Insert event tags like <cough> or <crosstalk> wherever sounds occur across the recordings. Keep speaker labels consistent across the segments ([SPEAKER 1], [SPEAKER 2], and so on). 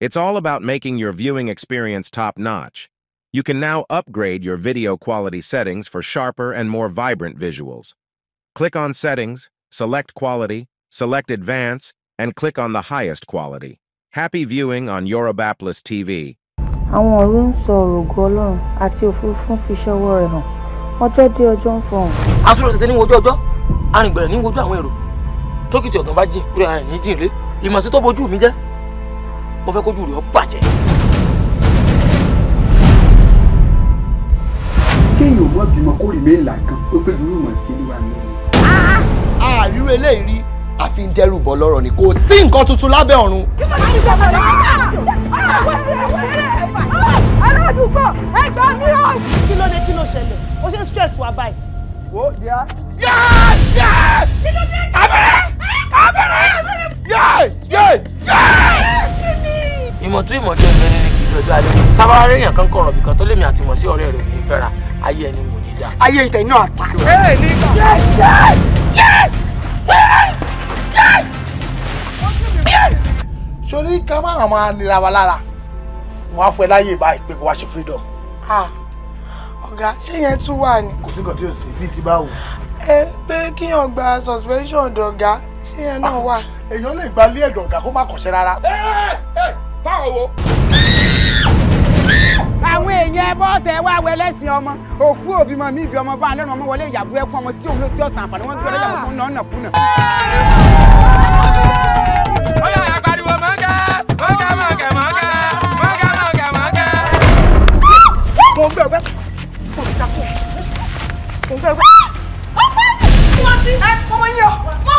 [SPEAKER 1] It's all about making your viewing experience top-notch. You can now upgrade your video quality settings for sharper and more vibrant visuals. Click on Settings, select Quality, select Advance, and click on the highest quality. Happy viewing on Yorubapolis TV.
[SPEAKER 2] àwọn ọ̀run ń sọ I'm ọlọ́run àti òfurufú fi ṣọwọ́ rẹ̀ hàn ọjọ́ dé ọjọ́ ń fọhùn.
[SPEAKER 3] asúrò tètè ní wojú ọjọ́ arìngbẹ̀rẹ̀ ní wojú àwọn èrò tókìtì ọ̀gàn bá jìn kúrẹ́ to ẹ̀ ní jìn lé ìmọ̀sí tó bojú mi jẹ́ mo fẹ́ kójú rẹ̀ ó bàjẹ́. kéèyàn mọ bímọ kó rèé mẹ́la kan ó pé dúró mọ̀ sí ìlú wa mẹ́rin. eléyìí rí àfi ń dẹ́rù bọ̀ lọ́rọ̀ ni kò sí nǹkan tuntun lábẹ́ ọ̀run.
[SPEAKER 2] aládùúgbò ẹgbẹ́ mi rọ. kí ló dé kí ló ṣẹlẹ̀ ó ṣe ń stress wa báyìí. wo díà. yéé yéé abẹ́rẹ́ abẹ́rẹ́
[SPEAKER 1] yéé yéé
[SPEAKER 2] yéé
[SPEAKER 1] ìmọ̀ tún ìmọ̀ sí ẹgbẹ́ nínú ìgbìyànjú ọjọ́ alẹ́ tábà aréyàn kan kọ̀rọ̀ bìkan tó lèmi àti mọ̀ sí ọ̀rẹ́ rẹ̀ òní fẹ́ra ayé ẹni mò ní dá. ayé ìtẹ̀ iná
[SPEAKER 2] àtà. ẹ ní ká.
[SPEAKER 3] yẹ sori ká má hàn máa nira wa lára wọn á fọ ẹ láyè bá ìpè kó wá ṣe freedom. ọ̀gá ṣé yẹn tún wà ní. kò sí nǹkan tí yóò ṣe bíi ti báwo. ẹ pé kíyàn gba suspension dọ̀gá ṣé yẹn náà wà. èèyàn lè gba ilé ẹ̀dọ̀gá kó má kọ̀ṣẹ́ rárá fáwọn wo. àwọn èèyàn ẹbọ tẹ wá wẹ lẹsìn ọmọ òkú òbí mọ mi ìbí ọmọ bá lẹnu ọmọ wọlé ìyàbú ẹkú ọmọ tí òun ló tí ọsàn àǹfààní wọn gbé ọlọyà fún náà nàkúnà. ó yà àgbàdìwọ̀ mọ́gà
[SPEAKER 2] mọ́gà mọ́gà mọ́gà mọ́gà mọ́gà mọ́gà. mo ń gbẹ̀gbẹ́ mo ń gbẹ̀gbẹ́ mo ń gbẹ̀gbẹ́. ọmọ yìí ọmọ yìí.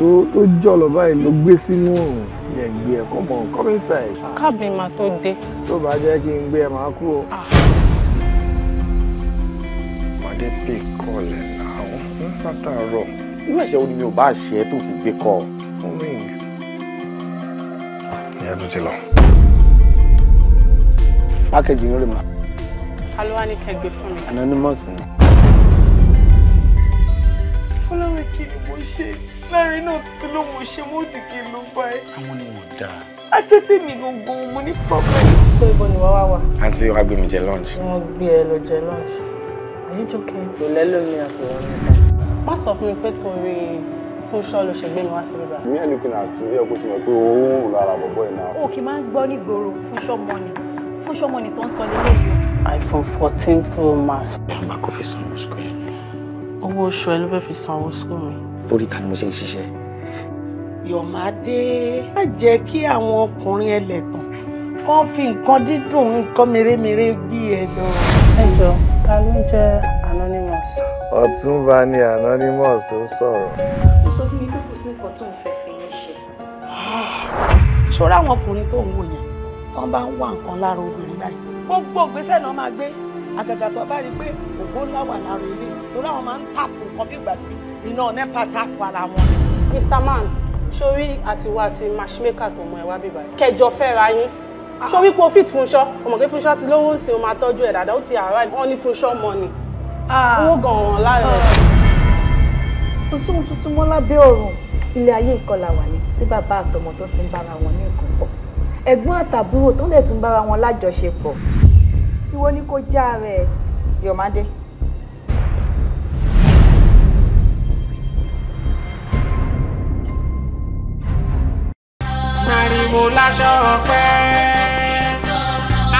[SPEAKER 3] tó tó jọ̀lọ̀ báyìí ló gbé sínú òrùn yẹn gbé ẹ̀ kọ́mọ come inside.
[SPEAKER 2] káàbì máa tó dé. tó
[SPEAKER 3] bá jẹ́ kí n gbé ẹ máa kú o. Ah. pàdé pé kọ́ọ̀lẹ̀ làwọn ń látàárọ̀. irú ẹ̀ṣẹ̀ wo ni mi ò bá ṣe é tó fi gbé kọ́ ọ. ìyá tó ti lọ.
[SPEAKER 2] pákẹ́jì ń rè mọ́. alúwa ni kẹ́ gbé fún mi. anonymous ni. fúláwẹ̀ kí ni mo ṣe láàrin náà tó ló mo ṣe mo dì kí ló bá ẹ. àwọn ni mo dà. ajẹ́pẹ́ mi gangan mo ní problem. ṣé ibo ni wàá wá wà.
[SPEAKER 1] àǹtí wàá gbé mi jẹ lunch.
[SPEAKER 2] wọ́n gbé ẹ lọ jẹ lunch. àyè jókè. kò lẹ́lómi àpòwọ́ mi. má sọ fún mi pé torí fún ṣọ́ ló ṣe gbé mi wá sí bíbá. mi
[SPEAKER 3] àdínkù náà ti rí ọkọ tí mo pé òun ń lára bọ̀bọ̀ iná.
[SPEAKER 2] o kì í máa ń gbọ́ nígboro fún ṣọ́mọ ni tó ń sọ nílé yìí. iPhone fourteen pro max. bàbá kò fi sanwó sukùl yẹn. owó oṣù ẹ ló fẹ́ fi sanwó sukùl mi torí ta ni mo ṣe ń ṣiṣẹ́. Yọ̀mádé má jẹ́ kí àwọn ọkùnrin ẹlẹ́tàn kán fi nǹkan dídùn nǹkan mèremère gbé ẹ lọ. ẹ jọ ta ló ń jẹ anonymous.
[SPEAKER 1] Ọ̀túnba ni anonymous tó sọ̀rọ̀.
[SPEAKER 2] ó sọ fún mi pé kò sí nǹkan tó ń fẹ́ fi yín ṣe. ṣọ́ra àwọn ọkùnrin tó ń wò yẹn wọ́n bá ń wá nǹkan lára obìnrin báyìí gbogbo ìgbésẹ̀ náà máa gbé àgàgà tó bá rí i pé ògbó ńlá wà lára ilé torí àwọn máa ń tàpù nǹkan bí ìgbà tí iná nepa tàpù ara wọn. Mr. Man sórí àtiwá ti matchmaker tó mọ ẹwà bíbá yìí kẹjọ
[SPEAKER 3] fẹ́ra yín sórí pé o fit Fúnṣọ́
[SPEAKER 2] ọmọge Fúnṣọ́ ti lówó ń sin o máa tọ́jú ẹ̀ dáadáa ó ti àárọ̀ wọn ní Fúnṣọ́ mọ ni ah. owó gan-an lára ẹ̀. kò sóhun tuntun mọ́ lábẹ́ ọ̀run ilé ayé ìkọlà wà ní tí bàbá àtọmọ tó ti ń bára wọn ní ìkọ̀kọ̀ ẹ̀gbọ́n àtàbúrò tó lè tún bára wọn lájọṣepọ̀ ìwọ ni kò rẹ̀ Yọ̀mádé.
[SPEAKER 1] pariwo láṣọ ọpẹ́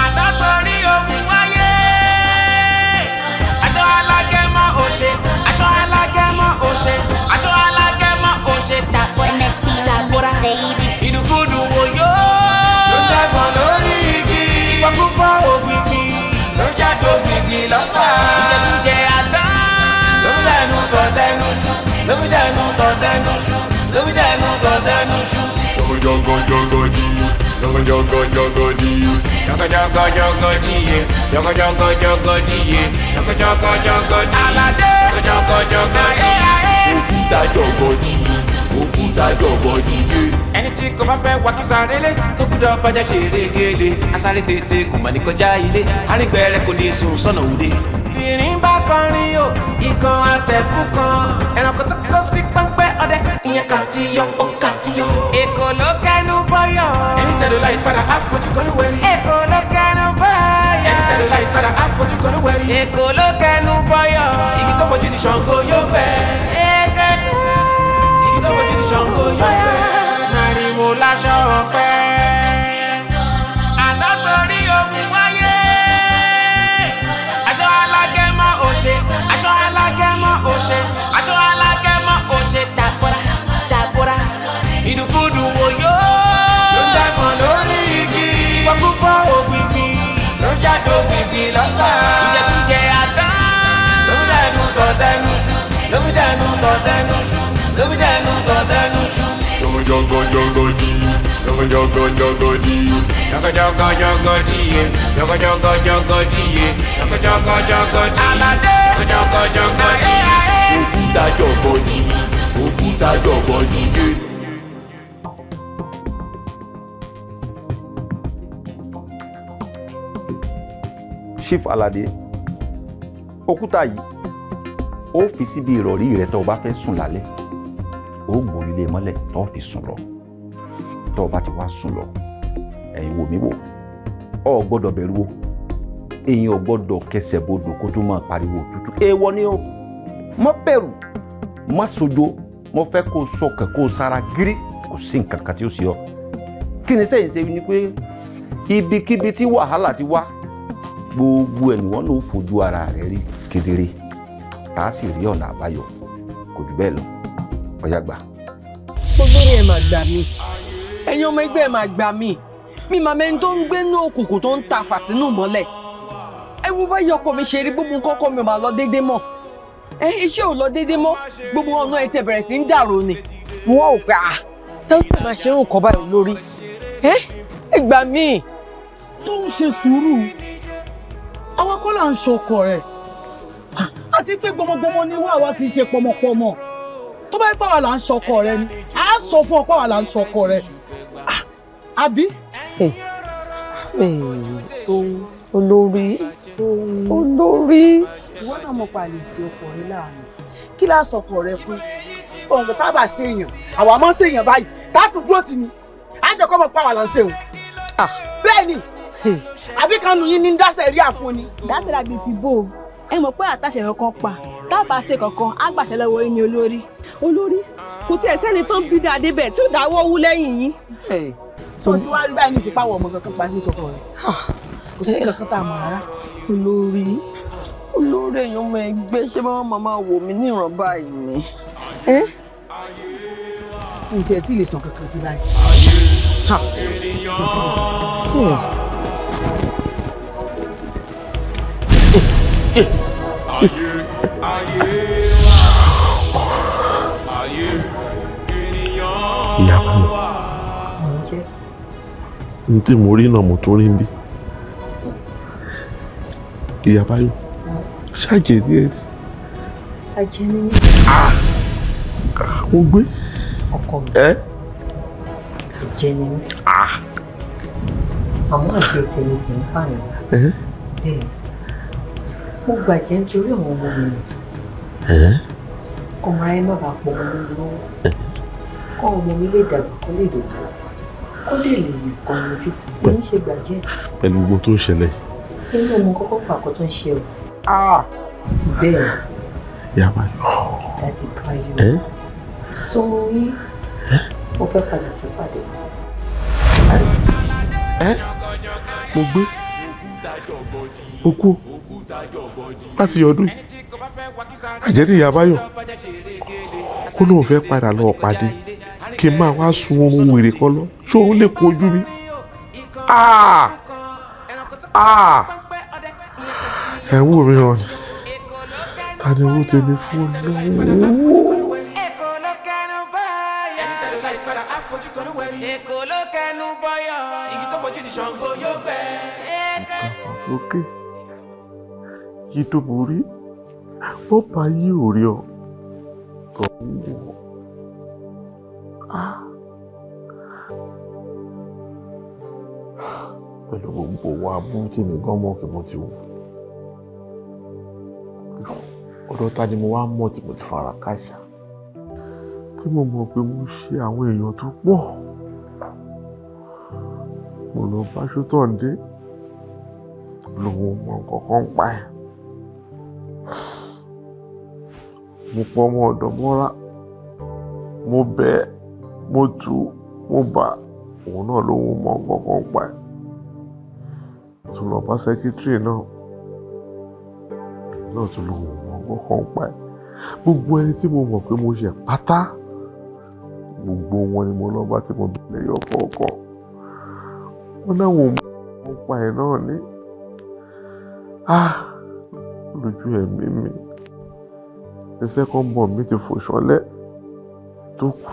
[SPEAKER 1] àdátorí òfin wáyé aṣọ alágẹmọ òṣè aṣọ alágẹmọ òṣè aṣọ alágẹmọ òṣè dàpọ̀ msp làgbóra. igi lọ́fà. ìjẹkújẹ àdá. lómìnà ẹnu tọ́ tẹnu ṣú. lómìnà ẹnu tọ́ tẹnu ṣú. lómìnà ẹnu tọ́ tẹnu ṣú. jọgọjọgọjọgọdì jọgọjọgọjọgọdì. jọgọjọgọjọgọdìye jọgọjọgọjọgọdìye jọgọjọgọjọgọdì. aládé jọgọjọgọjọgọdì. òkúta jọgọdìye òkúta jọgọdìye tí kò bá fẹ́ wà kí sàrélé tó gbúdọ̀ bàjẹ́ ṣe régele asáré tètè kò mà ní kọjá ilé arígbẹ̀rẹ̀ kò ní sùn sọ́nà òde. ìrìn bá kọrin o ikán àtẹ̀fún kan ẹranko tó kó sí pẹ́ńpẹ́ ọdẹ ìyẹn kà ti yọ ó kà ti yọ. èkó ló kẹnu bọyọ. ẹni tẹ̀lé láì padà àfojúkọ́lù wẹ̀rí. èkó ló kẹnu bọyọ. ẹni tẹ̀lé láì padà àfojúkọ́lù wẹ̀rí. èkó ló kẹnu bọyọ. igi tó di Ṣàngó yóò tó gbègbè lọ́la. Ìjẹkújẹ àdá. Lómìdánù tọ̀tẹ́nu ṣú. Lómìdánù tọ̀tẹ́nu ṣú. Lómìdánù tọ̀tẹ́nu ṣú. Jọgọjọgọjì. Jọgọjọgọjọgọjì. Jọgọjọgọjọgọjì. Jọgọjọgọjọgọjì. Jọgọjọgọjọgọjì. Aládé. Jọgọjọgọjọgọjì. Òkúta jọgọjì. Òkúta jọgọjì.
[SPEAKER 3] Chief Alade òkúta yìí ó fi síbi ìrọ̀rí rẹ tó o bá fẹ́ sùn lálẹ́ ó gbòòrí lé e mọ́lẹ̀ tó o fi sùn lọ tó o bá ti wá sùn lọ ẹ̀yin wò mí wò ọ gbọ́dọ̀ bẹ̀rù o èèyàn gbọ́dọ̀ kẹsẹ̀ bodò kó tó máa pariwo òtútù èèwọ̀ ni o má bẹ̀rù má sojo mo fẹ́ kó o sọkàn kó gírí kò sí nǹkan kan tí ó ṣe ọ kí ni sẹ́yìn ṣe ni pé ibikíbi tí wàhálà ti wá. Wa gbogbo ẹ̀ níwọ́n ló fojú ara rẹ̀ rí kedere tá a sì rí ọ̀nà àbáyọ kò jù bẹ́ẹ̀ lọ ọ̀yá gbà.
[SPEAKER 2] gbogbo ẹ̀ máa gbà mí ẹ̀yin ọmọ ẹgbẹ́ ẹ̀ máa gbà mí mi máa mẹ́ni tó ń gbé ní òkùnkùn tó ń ta
[SPEAKER 3] fàṣínú mọ́lẹ̀ ẹ wo báyìí ọkọ mi ṣe rí gbogbo kọ́kọ́ mi ò máa lọ déédéé mọ́
[SPEAKER 2] ẹ iṣẹ́ ò lọ déédéé mọ́ gbogbo ọ̀nà ẹ̀ tẹ̀ bẹ̀rẹ̀ sí ń dàrú ni wọ́n ò gbà á tẹ́lẹ̀ máa ṣe ń kọ́ báyìí lórí ẹ ẹ gbà mí tó ń ṣe sùúrù àwa kọ́ là ń ṣọkọ rẹ̀ àti pé
[SPEAKER 3] gbọmọgbọmọ ni wá àwa kì í ṣe pọmọpọmọ tó bá pàwà là ń ṣọkọ rẹ ni a sọ fún ọ pàwà là ń ṣọkọ rẹ àbí.
[SPEAKER 2] olórí olórí
[SPEAKER 3] ìwọ náà mọ̀ pa lè ṣe ọkọ rẹ láàrin kí láà sọkọ rẹ fún ọ̀hún tá a bá ṣe èèyàn àwa máa ń ṣe èèyàn báyìí tá a tún dúró tì ní àjọkọ́ mọ̀ pàwà là ń ṣe òun bẹ́ẹ̀ ni àbí kan nù yín ní dáṣẹ rí àfún ni. dáṣẹ dàbí ti bò ó ẹ mọ̀ pé àtàṣe kankan pa tábà ṣe kankan á gbàṣẹ lọ́wọ́ yín ni olórí olórí kò tí ẹ sẹ́ni tó ń bí dáadé bẹ́ẹ̀ tó dáwọ́ owó lẹ́yìn yín. tó ti wá rí báyìí ní ìsìpáwọ̀ ọmọ kankan pa sí ìsọkọ rẹ̀ ah.
[SPEAKER 2] kò sí kankan tá a mọ̀ rárá. olórí olórí èèyàn ọmọ ẹgbẹ́ ṣé bá wọn máa wò mí ní ìran báyìí ni. ǹjẹ́ tí ì lè sàn kankan sí báyìí. ìyàwó
[SPEAKER 3] mi tí mo rí náà mo tún rí bí ìyàbá yóò ṣàjẹ díẹ̀. àjẹ ni mí. mo gbé. ọkọ mi. ẹ. àjẹ ni mí. àmọ́ àjẹ tèmi kì í
[SPEAKER 2] pààyàn. bẹ́ẹ̀ ni mo gbàjẹ́ nítorí àwọn ọmọ mi nì. ọmọ ayé má bàa pọ̀ ọmọ mi lọ́wọ́ kọ́ ọmọ mi lè
[SPEAKER 3] dàgbà kó lè dògbò kó lè lè yìn kan lójú kò ní ṣe gbàjẹ́. pẹ̀lú gbogbo tó ń ṣẹlẹ̀. inú ọmọ kọ́kọ́ pàkọ́ tó ń ṣe o. bẹ́ẹ̀
[SPEAKER 2] yàrá yọ. dadi bayo sọ̀rọ̀ mo fẹ́ padà sí pàdé.
[SPEAKER 3] mo gbé okú láti ọdún yìí àjẹ́dí ìyá báyọ̀ ó lóun fẹ́ padà lọ pàdé kí n máa wá sun oorun wèrè kan lọ ṣé òun lè kojú mi
[SPEAKER 1] ah! Ah!
[SPEAKER 3] ẹ wò mí hàn ta tèmi
[SPEAKER 1] fún un náà.
[SPEAKER 3] sókè yídóborí bọ́ba yí òrè ọ̀ tó ń wọ̀ pẹ̀lú gbogbo wa bú tèmi gan mọ́ kí mo ti wù ọ̀dọ̀ ta ni mo wá mọ̀ tí mo ti fara káṣá tí mo mọ̀ pé mo ṣe àwọn èèyàn tó pọ̀ mo lọ bá ṣótọ̀ ń dé lówó mọ kankan pa ẹ̀ mo pọ ọmọ ọ̀dọ̀ mọ́ra mo bẹ̀ ẹ́ mo tù ú mo bà òun náà lówó mọ kankan pa ẹ̀ tún lọ bá sẹ́kítírì náà náà tún lówó mọ kankan pa ẹ̀ gbogbo ẹni tí mo mọ̀ pé mo ṣe pátá gbogbo wọn ni mo lọ bá tí mo bẹ̀rẹ̀ yọ kọ̀ọ̀kan wọn náà wò ó pa ẹ̀ náà ní. Ah, lójú ẹ̀mí mi ẹsẹ̀ kan bọ̀ mi ti fò ṣánlẹ̀ tó kù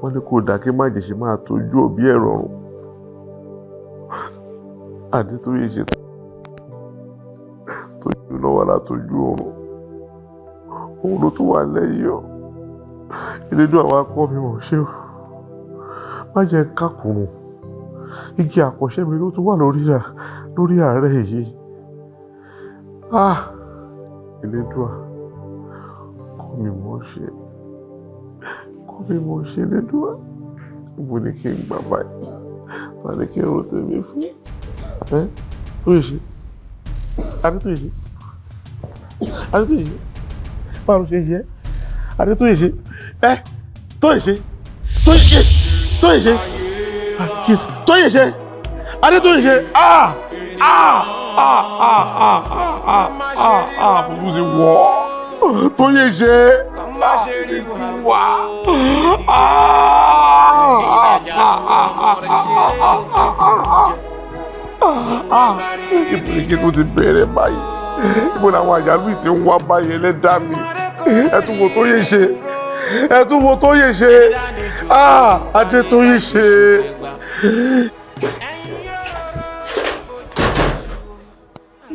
[SPEAKER 3] wọ́n ní kò dáa kí má jèṣe máa tọ́jú òbí ẹ̀ rọrùn àdétóyè ṣe tọ́jú lọ́wọ́ látọ́jú ọ̀run òun ló tún wà lẹ́yìn ọ́ ìlédú àwa kọ́ mi mọ̀ ṣé o má kákùnrùn igi àkọ́ṣe mi ló tún wà lórí rà lórí àárẹ̀ yìí ah elédùà kọ́ mi mọ̀ ṣe kọ́ mi mọ̀ ṣe elédùà mo ní kí n gbà báyìí ta ni kí n ro tèmi fún ẹ tó yìí ṣe adé tó yìí ṣe adé tó yìí ṣe báwo ló ṣe ṣe adé tó yìí ṣe ẹ tó yìí ṣe tó yìí ṣe tó yìí ṣe tó yìí ṣe adé tó yìí ṣe ah
[SPEAKER 1] ah ah ah ah ah ah ah ah ah! bùbù
[SPEAKER 3] ti
[SPEAKER 2] Ah ah ah ah ah ah ah ah
[SPEAKER 3] ah! tó ti bẹ̀rẹ̀ báyìí ibo làwọn àjálù ìtì ń wá báyìí ẹlẹ́dá mi ẹ tún wo tó yẹ ṣe ẹ tún wo tó yẹ ṣe
[SPEAKER 1] Ah, tó yẹ ṣe.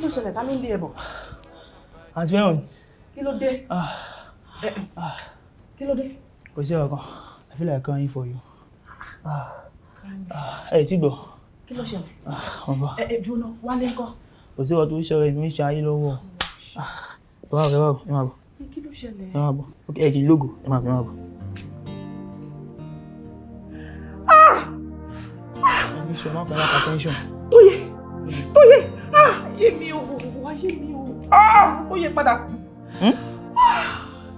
[SPEAKER 2] tún ṣẹlẹ̀ ta ló ń lé àti fẹ́ràn kí ló dé. Ah. Eh, eh. Ah. kí ló dé. kò sí ọ̀kan I feel like crying for you. Ah. ẹ ti gbọ́. kí ló ṣẹlẹ̀. ọba ẹ ẹ dúró náà wálé ńkọ́. kò sí ọtún ṣọrọ èmi ń ṣe ayé lọ́wọ́. Oh, ẹ máa bọ̀ ẹ máa bọ̀ ẹ máa bọ̀. kí ló ṣẹlẹ̀. ẹ máa bọ̀ ẹ kì í lógo ẹ máa bọ̀ ẹ máa bọ̀. Tóyè. Tóyè ah! ayé mi o ayé mi o Tóyè ah! padà kú Tóyè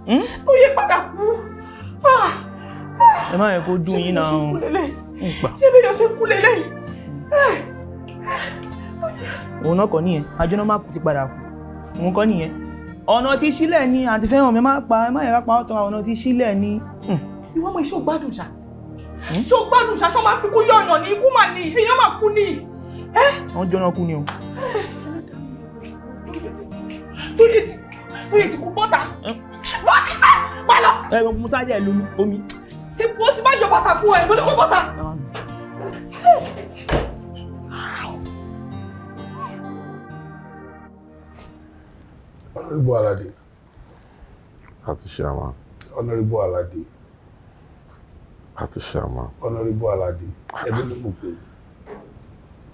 [SPEAKER 2] hmm? ah! hmm? padà kú. Ẹ má yẹ kó dùn yín náà. Ṣé bí yóò ṣe kú lélẹ́yìn? Eh! Òun náà kọ́ nìyẹn, àjọ́nà máa ti padà kú. Òun kọ́ nìyẹn. Ọ̀nà tí sílẹ̀ ni àti fẹ́ràn mi máa pa ẹ má yẹ ká pa ọ̀tọ̀ ọ̀nà tí sílẹ̀ ni. Ìwọ́n mọ̀ iṣẹ́ ò gbádùn ṣá. Ṣé ò gbádùn ṣá? Ṣé wọ́n máa fi kú yọ̀ọ̀nà ní ikú mà ní? Èèyàn máa kú ní
[SPEAKER 3] wọ́n jọ́nà kú ni o. torí ètí torí ètí kú bọ́tà bọ́tà má lọ. ẹ ẹ musa jẹ ìlú omi.
[SPEAKER 2] tí mo ti máa yọ bàtà fún ẹ mo ní kó bọ́tà. Honorable
[SPEAKER 3] Alade. Àti Ṣàmà. Honorable Alade. Àti Ṣàmà. Honorable Alade. Ẹbí ló mú pé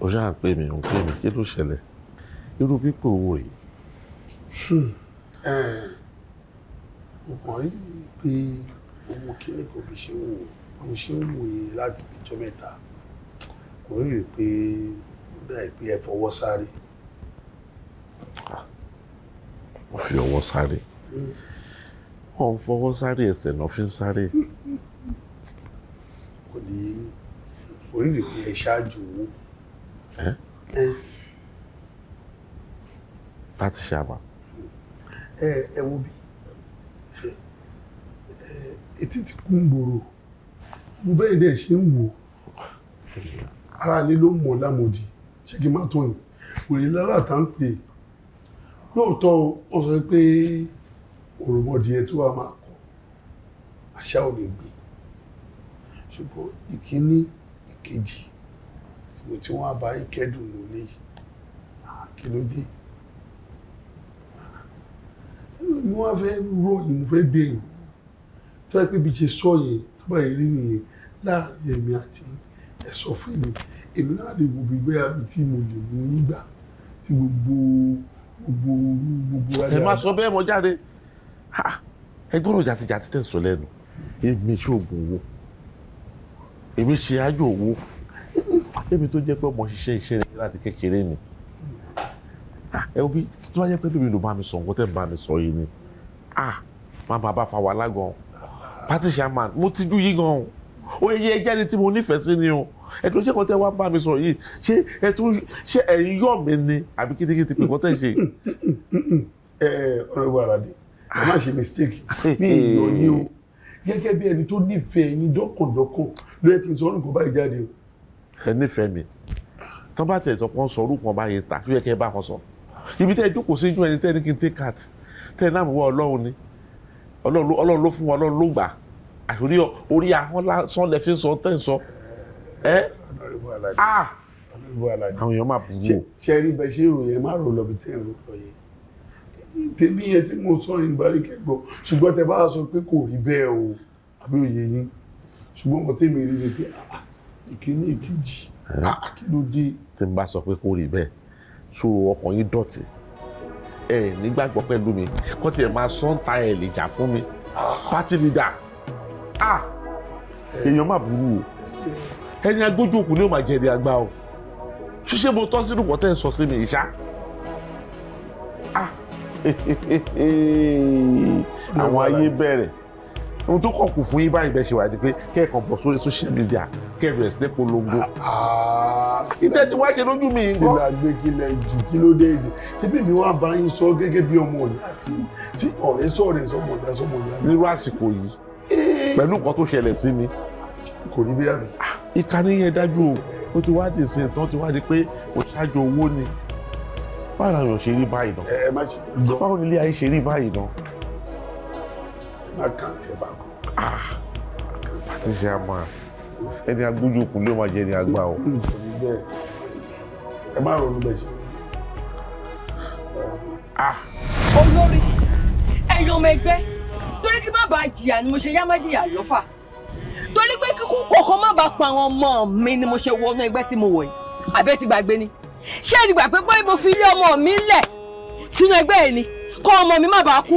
[SPEAKER 3] ó ṣáà ń pè mí ń pè mí kí ló ṣẹlẹ̀ irú pípò owó rèé. Hmm. Eh, mo kàn rí pé owó kíní kò fi ṣe wò mo ṣe ń wòye láti ìjọ mẹ́ta kò rí rè pé ó dà pé ẹ fọwọ́ sáré. mo fi ọwọ́ sáré hmm. wọn fọwọ́ sáré ẹsẹ̀ náà fi ń sáré. kò ní orí rè pé ẹ ṣáájú owó láti ṣe àbá. ẹ wo bi. etí ti kún gbòòrò mo bẹ́ẹ̀ dẹ̀ ṣe ń wò ara ni ló mọ̀ lámòdì ṣé kí n má tó yìn òye lára ń pè lóòótọ́ ó sọ pé òròmọdìẹ tó wà máa kọ àṣà ò lè gbé ṣùgbọ́n ìkíní ìkejì mo ti wọ́n àbá ìkẹ́dùn lónìí yìí kí ló dé ni wọ́n fẹ́ ro ìmúfẹ́ bẹ̀rù tó yẹ pé bí ṣe sọ yẹn tó bá yẹ rí nìyẹn láàrin èmi àti ẹ̀sọ́ fún mi èmi náà lè wo bí bẹ́ẹ̀ àbí tí mo lè mú nígbà tí gbogbo gbogbo gbogbo ayé. ẹ má sọ bẹ́ẹ̀ mọ́ jáde ẹ gbọ́dọ̀ jàtijàti tẹ̀ sọ lẹ́nu èmi ṣe oògùn owó èmi ṣe ájò owó bébí tó jẹ́ pé ọmọ ṣiṣẹ́ iṣẹ́ rẹ̀ láti kékeré ni ah, ẹ wo bí tó bá jẹ́ pé bébí ló bá mi sọ nǹkan tẹ́ ń bá mi sọ yìí ni ah máa bá a bá fa wàhálà gan pati chairman mo ti jú yí gan o yẹ ẹjẹ́ ni tí mo nífẹ̀ẹ́ sí ni o ẹ tó jẹ́ kó tẹ́ wá bá mi sọ yìí ṣé ẹ tún ṣé ẹ ń yọ̀ mí ni àbí kítíkítí pé kó tẹ́ ṣe. ẹ ọ̀rẹ́ wa alade ẹ má ṣe mistake mi ìyọ̀ yín o gẹ́gẹ́ bí ẹni tó nífẹ̀ẹ́ yín dọ́kàndọ́kàn ló yẹ kí sọ ọ́nù kó báyìí jáde o ẹ nífẹ̀ẹ́ mi tán bá tẹ̀ tọpọ̀ sọ orúkọ ọba yẹn ta, tó yẹ kẹ́ ẹ bá wọn sọ ibi tẹ́ ẹ jókòó sí inú ẹni tẹ́ ẹni kí n take card tẹ́ ẹ náà mọ̀ wá ọlọ́run ni ọlọ́run ló fún wa ọlọ́run ló gbà àṣírí orí ahọ́n lásán lẹ fi ń sọ tẹ́ ń sọ ẹ́ ah àwọn èèyàn máa burú o. sẹ́rí bẹ́ẹ̀ ṣe ìròyìn ẹ̀ má rò lọ́bi tẹ́ ẹ̀ lọ́kọ̀ yẹn tèmi yẹn tí mo sọ yìí bari kẹ́gbọ́ ṣùgbọ́n tẹ bá sọ pé kò rí bẹ́ẹ̀ o àbí òye yín ṣùgbọ́n mo tèmi rí ni pé ah, ah ìkíní ìkejì akílódé. Ah, tí n bá sọ pé kò rí bẹ́ẹ̀ so ọkàn yín dọ̀tí ẹ nígbàgbọ́ pẹ̀lú mi kọ́ tiẹ̀ máa sọ ń ta ẹ̀ lè jà fún mi party leader ah èèyàn má burú o ẹni agbójú òkú ni ó máa jẹ̀rì àgbà o ṣíṣe mo tọ́ sínú wọ́tẹ́ sọ sí mi ìṣá ah! <laughs> àwọn ayé bẹ̀rẹ̀ ohun tó kàn kù fún yín báyìí bẹ́ẹ̀ ṣe wà ní pé kẹ́ẹ̀kan bọ̀ sórí social media kẹ́ẹ̀rẹ̀ sí polongo. ìtẹ́ ah, ah. tí wàá ṣe lójú mi nǹkan. kí la gbé kí la jù kí ló dé èdè ṣé bí mi wá bá yín sọ gẹ́gẹ́ bí ọmọ ìyá sí tí ọ̀rẹ́ sọ̀rẹ́ sọmọ ìyá sọmọ ìyá. nírú àsìkò yìí eh. pẹ̀lú nǹkan tó ṣẹlẹ̀ sí mi. kò ní bí àmì. ìkànnì yẹn dájú o ó ti wá dé sí ìtàn ti wá di pé òṣáájú owó ni báwo làwọn èèyàn eh, báwo ni ilé ayé ṣe rí báyìí náà àkáǹtì ẹ̀ bá kọ́. Patricia máa ẹni agbójú òkun ló máa jẹ ẹni àgbà o. Hmm, ẹ má ronú bẹ́ẹ̀ ṣe. Ah. olórí ẹ̀yin ọmọ ẹgbẹ́ torí kí má bàa jìyà ni mo ṣe yá má jìyà lọ́fà
[SPEAKER 2] torí pé kíkú kọ̀ọ̀kan má bàa pa àwọn ọmọ mi ni mo ṣe wọnú ẹgbẹ́ tí mo wọ̀ yìí àbẹ́ ti gbàgbé ni ṣé ẹni gbà pé bóyá mo fi ilé ọmọ mi lẹ̀ sínú ẹgbẹ́ ẹ̀ ni kọ́ ọmọ mi má bàa kú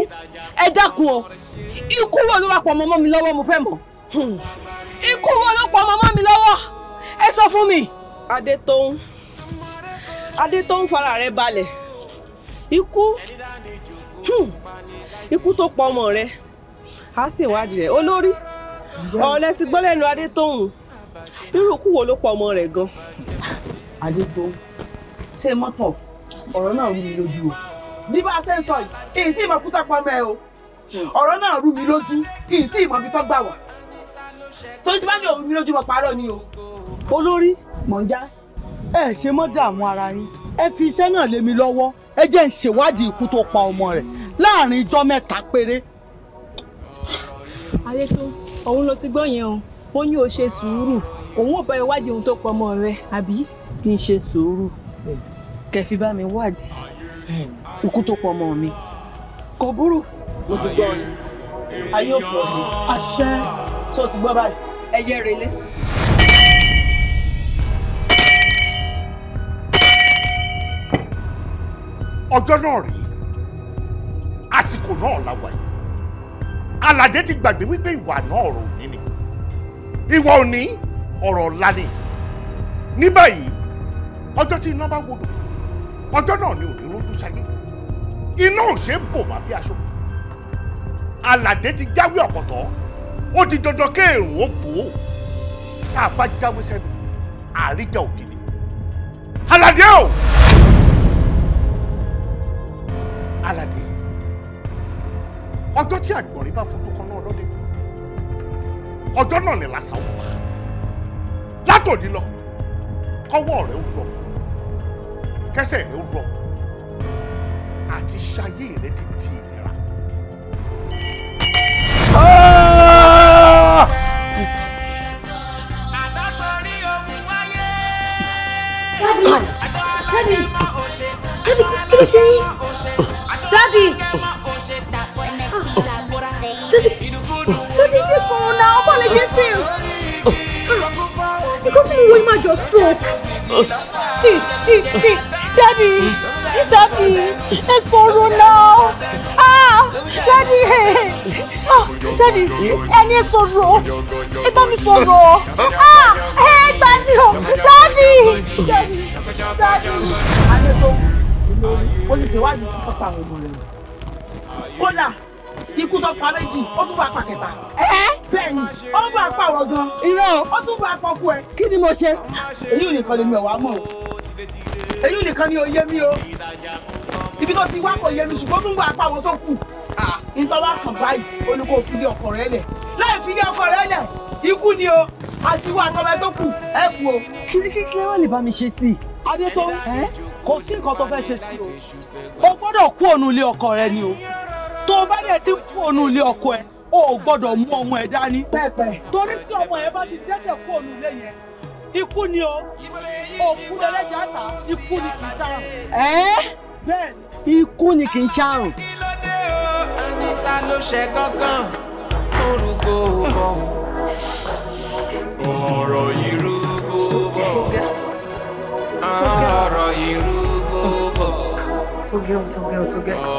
[SPEAKER 2] ẹ dákun o ikú wo ló wà pọ̀ mọ́mọ́ mi lọ́wọ́ mo fẹ́ mọ̀ hmm. ikú wo ló pọ̀ mọ́mọ́ mi lọ́wọ́ ẹ sọ fún mi. Adétóun Adétóun fara rẹ balẹ̀ ikú hmm. ikú tó pọ̀ ọmọ rẹ á sì wádìí rẹ olórí ọ̀rẹ́ ti gbọ́ lẹ́nu Adétóun irú ikú wo ló pọ̀ ọmọ rẹ gan. Adétóun
[SPEAKER 3] ṣé mọ́tò ọ̀rọ̀ náà rú mi lójú o bí bá a ṣe ń sọ yìí èyí sì máa kú tá mẹ́ o ọ̀rọ̀ náà rú mi lójú kí n tí ìmọ̀ fi tọ́ gbà wá
[SPEAKER 2] tó ti bá ní òru mi lójú mọ̀ parọ́ ni o. olórí mọ̀njá ẹ ṣe mọ́ dààmú ara yín ẹ fi iṣẹ́ náà lé mi lọ́wọ́ ẹ jẹ́ ń ṣèwádìí ikú tó pa ọmọ rẹ̀
[SPEAKER 3] láàrin ijọ́ mẹ́ta péré.
[SPEAKER 2] ayétó òun ló ti gbọ́ yẹn o wọ́n ní o ṣe sùúrù òun ò bá ẹ wádìí ohun tó pa ọmọ rẹ àbí. kí n ṣe sùúrù kẹfì bá mi wádìí ikú tó pa ọmọ mi kò burú mo ti gbọ́ ni ayé òfin ọ̀sìn àṣẹ tó ti gbọ́ báyìí.
[SPEAKER 3] ẹyẹ relé. ọjọ́ náà rèé àsìkò náà la wà aládé ti gbàgbé wípé ìwà náà ọ̀rọ̀ òní ni ìwà òní ọ̀rọ̀ ọ̀la ni ní báyìí ọjọ́ tí iná bá wodò ọjọ́ náà ni òní rójú sáyé iná ò ṣe é bò wá bí aṣọ aládé ti jáwé ọ̀pọ̀tọ́ ó di dandan kéèrùn ó bò ó tá a bá jáwé sẹ́nu àríjà ògiri aládé o aládé ọjọ́ tí àgbọ̀nrín bá fojú kan náà lọ́dẹ ọjọ́ náà ni làṣà ó pa látòdì lọ kọ́wọ́ rẹ̀ ó rọ kẹsẹ̀ rẹ̀ ó rọ àti ṣayé rẹ̀ ti di èyí.
[SPEAKER 2] Hey, hey, hey. Daddy, Daddy, ẹ sọ̀rọ̀ náà. Ah, Daddy, hey, oh, ah, Daddy, ẹni so wrong. Ẹ bá so wrong. Ah, hey, daddy, mí o. Daddy, Daddy, Daddy. Adé tó o ti ṣèwádìí kíkọ́ pa àwọn ọmọ rẹ̀.
[SPEAKER 3] Kódà ikú tó pa méjì ó tún bá pa kẹta. Eh? ni ó bá pa wọ́n gan. irọ́ ó tún bá pa ọkọ ẹ. kí ni mo ṣe. èyí ò ní kọ́ lè mi ọ̀ wá èyí nìkan ni ò yé mi o ibi tó ti wá kò yé mi ṣùgbọ́n nígbà apáwọn tó kù nítorí wá kàn báyìí ó ní kó fi ilé ọkọ rẹ lẹ̀ láì fi ilé ọkọ rẹ lẹ̀ ikú ni o àti wá àtọ́mọ tó kù ẹ kú o. kí ni kí kílẹ̀ wà lè bá mi ṣe sí i. adétó kò sí nǹkan tó fẹ́ ṣe sí o o gbọ́dọ̀ kú ònú ilé ọkọ rẹ ni o tó o bá dẹ̀ ti kú ònú ilé ọkọ ẹ o ò gbọ́dọ̀ mú ọmọ ẹ dání. pẹ́ẹ́pẹ́ torí tí
[SPEAKER 2] ọmọ ẹ bá ti dẹ́sẹ̀ kú ònú ilé yẹn ikú ni o òkú lẹlẹjà ta ikú ni kì í ṣàrùn. ẹ bẹ́ẹ̀ ikú ni kì í ṣàrùn. kílódé
[SPEAKER 1] o anita ló ṣe kankan orúkọ bọ ọ̀rọ̀ irú gbogbo ọ̀rọ̀ irú gbogbo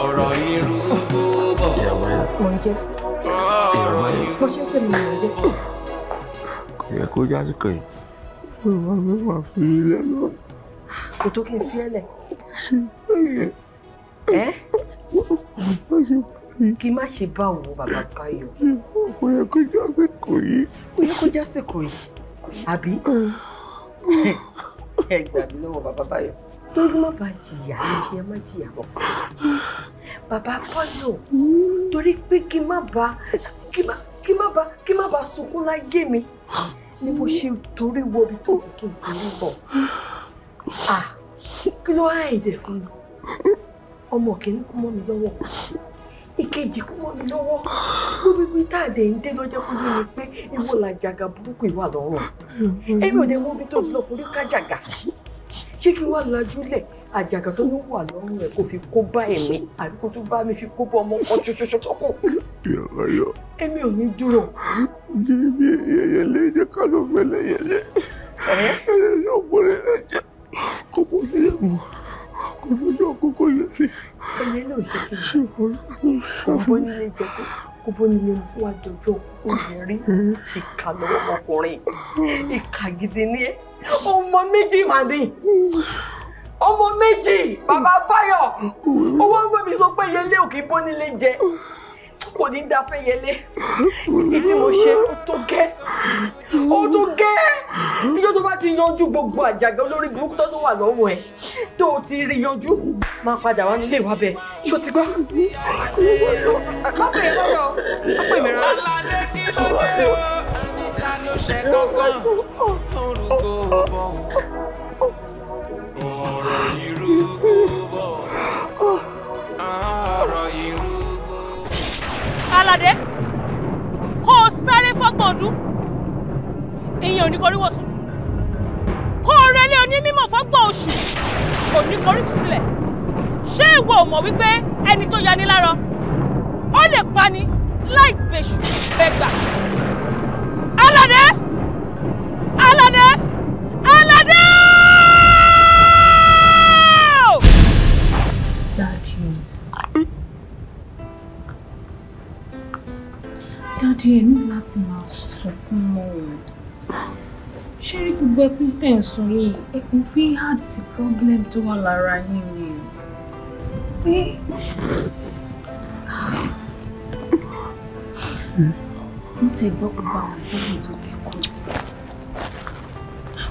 [SPEAKER 1] ọ̀rọ̀ irú gbogbo.
[SPEAKER 2] mo ń jẹ mo ṣe ń pè mo ń jẹ.
[SPEAKER 3] kò yẹ kó jásìkò yìí.
[SPEAKER 2] Màmá mi wà fi ilẹ̀ lọ. Kò tó kí n fi ẹlẹ̀. Ṣé báyẹn? Ẹ́. Má ṣe báyìí. Kí má ṣe bá òun bàbá Báyọ̀. Kò yẹ kó jásìkò yìí. Kò
[SPEAKER 3] yẹ kó jásìkò yìí. Àbí?
[SPEAKER 2] Ẹ gbà mí lọ́wọ́ bàbá Báyọ̀. Torí má bàa jìyà ní má jìyà bọ̀ fún mi. Bàbá Báyọ̀ torí pé kí má bàa kí má bàa kí má bàa sunkún láyé mi ni mo ṣe torí wo ibi tó kí n torí bọ̀ kí ló hàn èdè fún mi ọmọ kìíní kú mọ́ mi lọ́wọ́ ìkejì kú mọ́ mi lọ́wọ́ lórí bí táàdé ń dé lọ́jọ́ kó yé mi pé ìwọ làjàgà burúkú ìwà lọ́rùn ẹ̀mí ò dé mú mi tó ti lọ forí kájàgà ṣé kí wàá lajú lẹ̀ àjàgà tó ló wà lọ́rùn rẹ̀ kò fi kó bá èmi àbí kó tún bá mi fi kó bá ọmọ
[SPEAKER 3] kan ṣoṣoṣo tó kù.
[SPEAKER 2] yọ̀yọ̀.
[SPEAKER 3] èmi ò ní dúró. jìbì
[SPEAKER 2] ẹyẹlé jẹ ká ló fẹ́ lẹ́yẹlé ẹyẹlé ọ̀pọ̀lẹ́ ẹ̀jẹ̀ kò bọ́ lẹ́yẹ̀ mọ́ kò lójú àkókò yẹlé. ẹyẹlé ò jẹ́ kí n kò bọ́ nílé jẹ kó kó bó mm-hmm. ni mi wá dọjọ́ kó yẹ lọ́wọ́ ọmọ méjì bàbá mm. báyọ̀ owó mm. ń gbẹ̀mí sọ pé yẹlé òkè bó nílé jẹ kò ní da fẹ́ yẹlé ìdí mo ṣe ó tó gẹ́ ó tó gẹ́ níjọ́ tó bá ti yanjú gbogbo àjàgbé olórí burúkú tó wà lọ́wọ́ ẹ̀ tó o ti rí yanjú máa padà wá nílé ìwà bẹ́ẹ̀ ṣó ti gbọ́. má pè é lọ́yọ̀
[SPEAKER 1] aládé kí ló dé o ìlànà ṣe kankan orúkọ bọ̀. Alade,
[SPEAKER 3] ọ̀rọ̀ ìrúgbó. Aládé
[SPEAKER 2] kó o sáré fọ́gbọ̀n ọdún ìyẹn ò ní korí wọ̀sùn kó o relé onímọ̀ fọ́gbọ̀n oṣù kò ní korí tù sílẹ̀ ṣé ìwọ ò mọ̀ wípé ẹni tó yani lára ó lè pani láì bẹ̀ṣù bẹ́gbà. Aládé. dádì ẹ ní láti máa sọkún mọ́ o ṣé rí gbogbo ẹkún tẹ̀ ń sun yìí ẹkún fi hard sí problem tó wà lára yín ni pé. mo ti gbọ́ gbogbo àwọn ìgbóhùn tó ti kú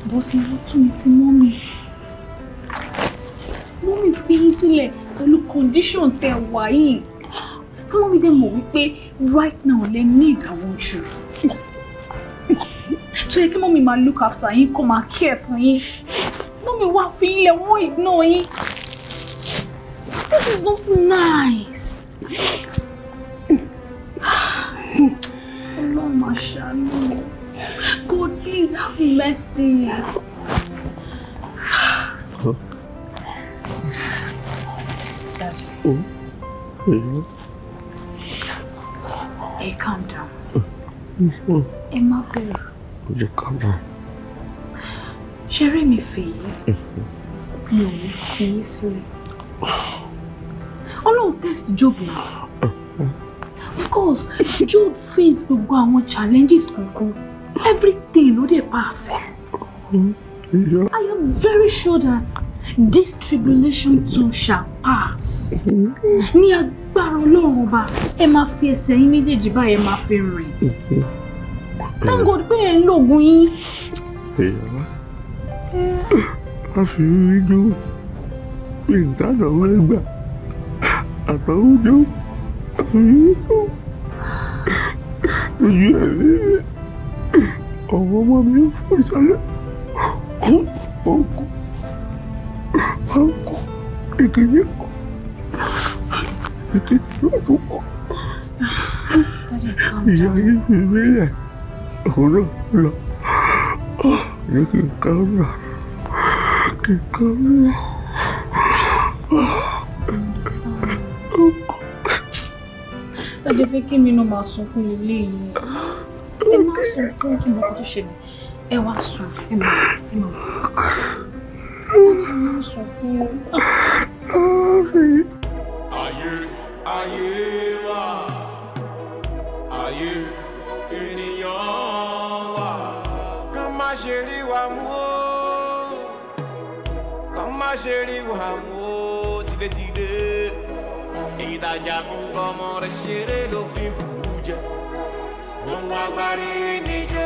[SPEAKER 2] bó ti lọ tún mi ti mọ́ mi mọ́ mi fi yín sílẹ̀ pẹ̀lú condition tẹ̀ wá yìí tí mọ́mí dẹ̀ mọ̀ wípé right now lẹ need àwọn jù tó yẹ kí mọ́mí máa look after yín kó máa care fún yín mọ́mí wá fi ilẹ̀ wọ́n ignore yín this is not nice. Ọlọ́run máa ṣàánú God please have mercy. Oh. Mm-hmm. Hey, calm down. Ẹ má bẹ̀rù. Would you calm down? Ṣé me mi fi yìí? Hmm. Mi ò ní fi test Job ni. Hmm. Of course, Job face gbogbo àwọn challenges kankan. Everything ló dé pass. Yeah. I am very sure that this tribulation too shall pass. Hmm. Ní agbára lágbára ọlọ́run ọba ẹ máa fi ẹsẹ̀ yín méjèèjì báyìí ẹ máa fi rìn thank God pé ẹ ń lògùn yín.
[SPEAKER 3] a fi rí jó kí n tàdọ̀ mẹ́gbà àtọ̀wọ́jọ́ a fi rí jó ojú ẹ̀ rí rẹ̀ ọ̀wọ́ ọmọ mi ń fò ìsàlẹ̀ ọkọ̀ ọkọ̀ ìkejì kọ̀ ìyá
[SPEAKER 2] kí mi náà máa sunkún ilé yìí. Ẹ má sunkún kí nǹkan tó ṣẹlẹ̀. Ẹ wá sùn, ẹ má, ah, ẹ má. Tade má sunkún
[SPEAKER 1] ayé wà ayé ènìyàn wà ká má ṣe rí wa mú o ká má ṣe rí wa mú o tilétilé fún ọmọ rẹ ṣeré ló fi bù jẹ wọn wá gbárí níjẹ.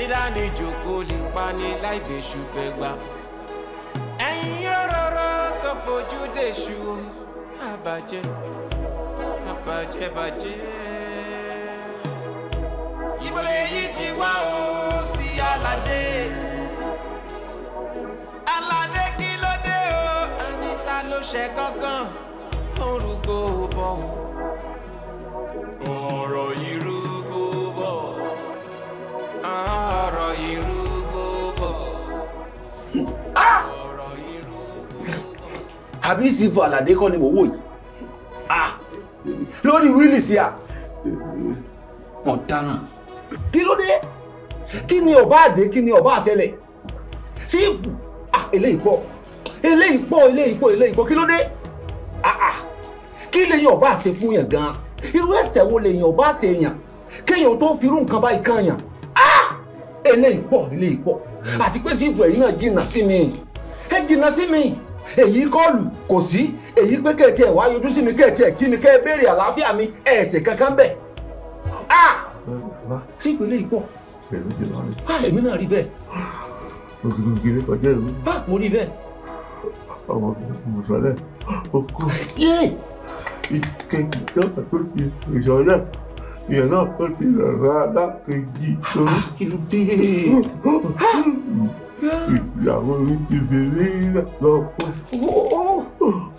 [SPEAKER 1] ẹni lálejò kò lè pani láì bẹ̀ṣù bẹ́gbà. ẹ̀yin òróró tó fojú dèṣù àbàjẹ́ àbàjẹ́ bàjẹ́. ibo lèyí ti wá o sí aládé. aládé kí ló dé o anita ló ṣe kankan orúgbó bọ̀. ọ̀rọ̀ yìí.
[SPEAKER 3] Ah, have you seen for mò ń wò yìí ah! lórí wíìlì sí à ọ̀daràn kí ló dé kí ni ọba àdé kí ni ọba àṣẹlẹ̀ sí ah, eléyìí pọ̀ eléyìí pọ̀ eléyìí pọ̀ eléyìí pọ̀ kí ló dé ah, kí lèyìn ọba àṣẹ fún yàn gan irú ẹ̀ṣẹ̀ wo lèyìn ọba àṣẹ yàn kéèyàn tó firú nǹkan báyìí kan yàn eléyìí pọ̀ eléyìí pọ̀ àti pé sífù ẹ̀yìn náà jìnnà sí mi ẹ jìnnà sí mi èyí kọ́ọ̀lù kò sí èyí pé kẹ̀kẹ́ ẹ̀ wá yọjú sí mi kẹ̀kẹ́ ẹ̀ kí ni kẹ́ ẹ béèrè àlàáfíà mi ẹ̀ẹ̀sẹ̀ kankan bẹ̀
[SPEAKER 1] á sífù eléyìí pọ̀ èmi náà rí bẹ́ẹ̀. ògìrìgìrì kọjá ìlú. mo rí bẹ́ẹ̀.
[SPEAKER 3] ọmọ ìmùsọ̀lẹ̀ òkú. yéé. ìkẹyìn ìjọba tó ti ìsọ̀lẹ̀ ìyẹn náà tó ti rẹ̀rẹ̀ alákejì tó ìyàwó mi ti bèrè ìlà lọ́pọ̀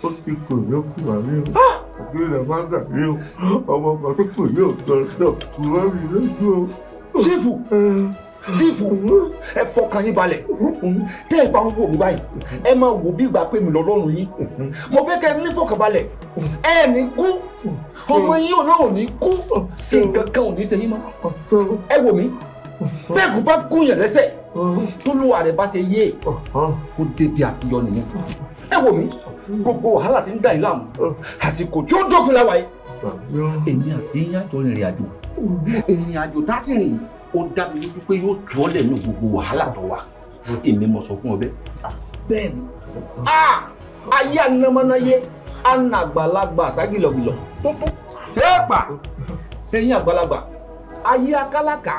[SPEAKER 3] ó ti kò ní kù àmì o ah! àbí rẹ̀ má gàrí o ọmọ kan tó kò ní òtọ́ náà kúrò rí lójú o. ṣéèfù deep ẹ fọkàn yín balẹ̀ tẹ́ ẹ bá ń wò mí báyìí ẹ máa wò bí ìgbà pé mi lọ́lọ́run yín mo fẹ́ kẹ́ ẹ ní fọkànbalẹ̀ ẹ ní kú ọmọ yín náà ò ní kú nǹkan kan ò ní ṣe yín mọ́ ẹ wò mí bẹ́ẹ̀ kó bá gúnyàn lẹ́sẹ̀ tó lùwà rẹ̀ bá ṣe yé kó e, débi àtijọ́ nìyẹn ẹ wò mí gbogbo wàhálà tí ń dà yín láàmú àsìkò tí ó dókun láwa yìí èmi àti ìyá tó rìnrìn àjò ìrìn àjò tá sì rìn yìí ó dá mi lójú pé yóò tú ọ lẹ́nu gbogbo wàhálà tó wà èmi mo sọ fún ọ bẹ́ẹ̀. bẹ́ẹ̀
[SPEAKER 1] ni ayé anamánáyé anagbalagba
[SPEAKER 3] ságìlọ̀gìlọ̀ ẹ̀ẹ́pà ẹ̀yin àgbàlagbà ayé akálàkà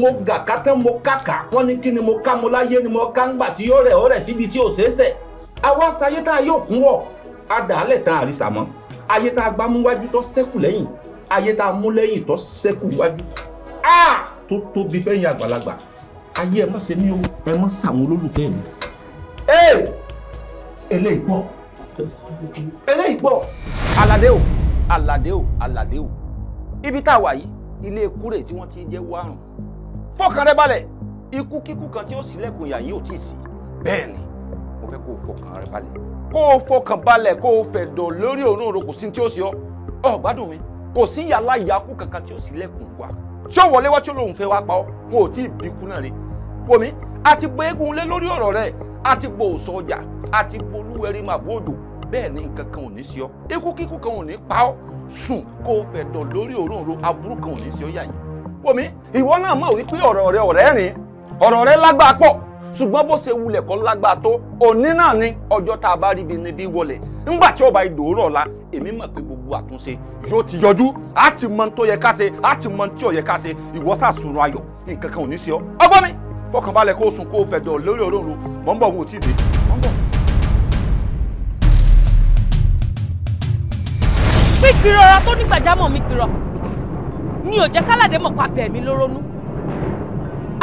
[SPEAKER 3] mo gàkà tán mo kàkà wọn ní kí ni mo ká mo láyé ni mo ká ńgbà tí yóò rẹ̀ ó rẹ̀ síbi tí ò ṣeéṣe àwa sayé tá a yóò kún wọ̀ a dà á lẹ̀ tán àrísà mọ́ ayé tá a gbá mú wájú tó ṣẹ́kù lẹ́yìn ayé tá a mú lẹ́yìn tó ṣẹ́kù wájú. Ah! tó tóbi fẹ́yìn àgbàlagbà ayé ẹ má ṣe mí o ẹ má ṣàwọn olólùfẹ́ mi. ee eléyìí gbọ́ eléyìí gbọ́ aládé o aládé o aládé o ibi tá a wà yìí ilé kúrè tí wọ́n ti jẹ́ wárùn fọkàn rẹ balẹ̀ ikú kíkú kan tí ó ṣílẹ̀kùn yà ò tí ì sí bẹ́ẹ̀ ni mo fẹ́ kó o fọkàn rẹ balẹ̀ kó o fọkàn balẹ̀ kó o fẹ̀dọ̀ lórí òórùn ro kò sí tí ó ṣe ọ́ ọ̀ gbádùn mi kò sí yàrá ìyàkú kankan tí ó ṣílẹ̀kùn wà ṣé òwọlé wá tí olóhùn fẹ́ wá pa ọ́ wọn ò tí ì bíkú náà rí wòmí àti gbé eégún lé lórí ọ̀rọ̀ rẹ̀ àti gbò òsọ ọjà àti polúwẹ̀rí màbú òjò bẹ́ẹ̀ ni nǹkan kan ò ní sí ọ ikú kíkú kan ò ní pa ọ́ sùn kó o fẹ̀ dọ̀ lórí òróǹro aburú kan ò ní sí ọ yà yìí wòmí ìwọ náà mọ̀ wípé ọ̀rọ̀ rẹ ọ̀rẹ́ rìn ọ̀rọ̀ rẹ lágbàá pọ̀ ṣùgbọ́n bó ṣe wulẹ̀ kọ́ lágbá tó òní náà ni ọjọ́ tá a bá ríbi níbí wọlé ńgbà tí ọba ìdòwúrọ̀ la èmi mọ̀ pé gbogbo àtúnṣe yóò ti yọjú á ti mọ tó yẹ ká ṣe á ti mọ tí ò yẹ ká ṣe ìwọ sàṣùrù ayọ̀ nǹkan kan ò ní ṣe ọ́ ọgbọ́n mi fọkànbalẹ̀ kó o sùn kó o fẹ̀dọ̀ lórí òróǹro mọ̀ ń bọ̀ wọn ò tí ì dé mọ̀ ń bọ̀. ọ̀rọ̀ tó nígbàjámọ̀ mi pirọ̀ ni ò jẹ́ kálàdé mọ̀ papẹ̀ mi ló ronú.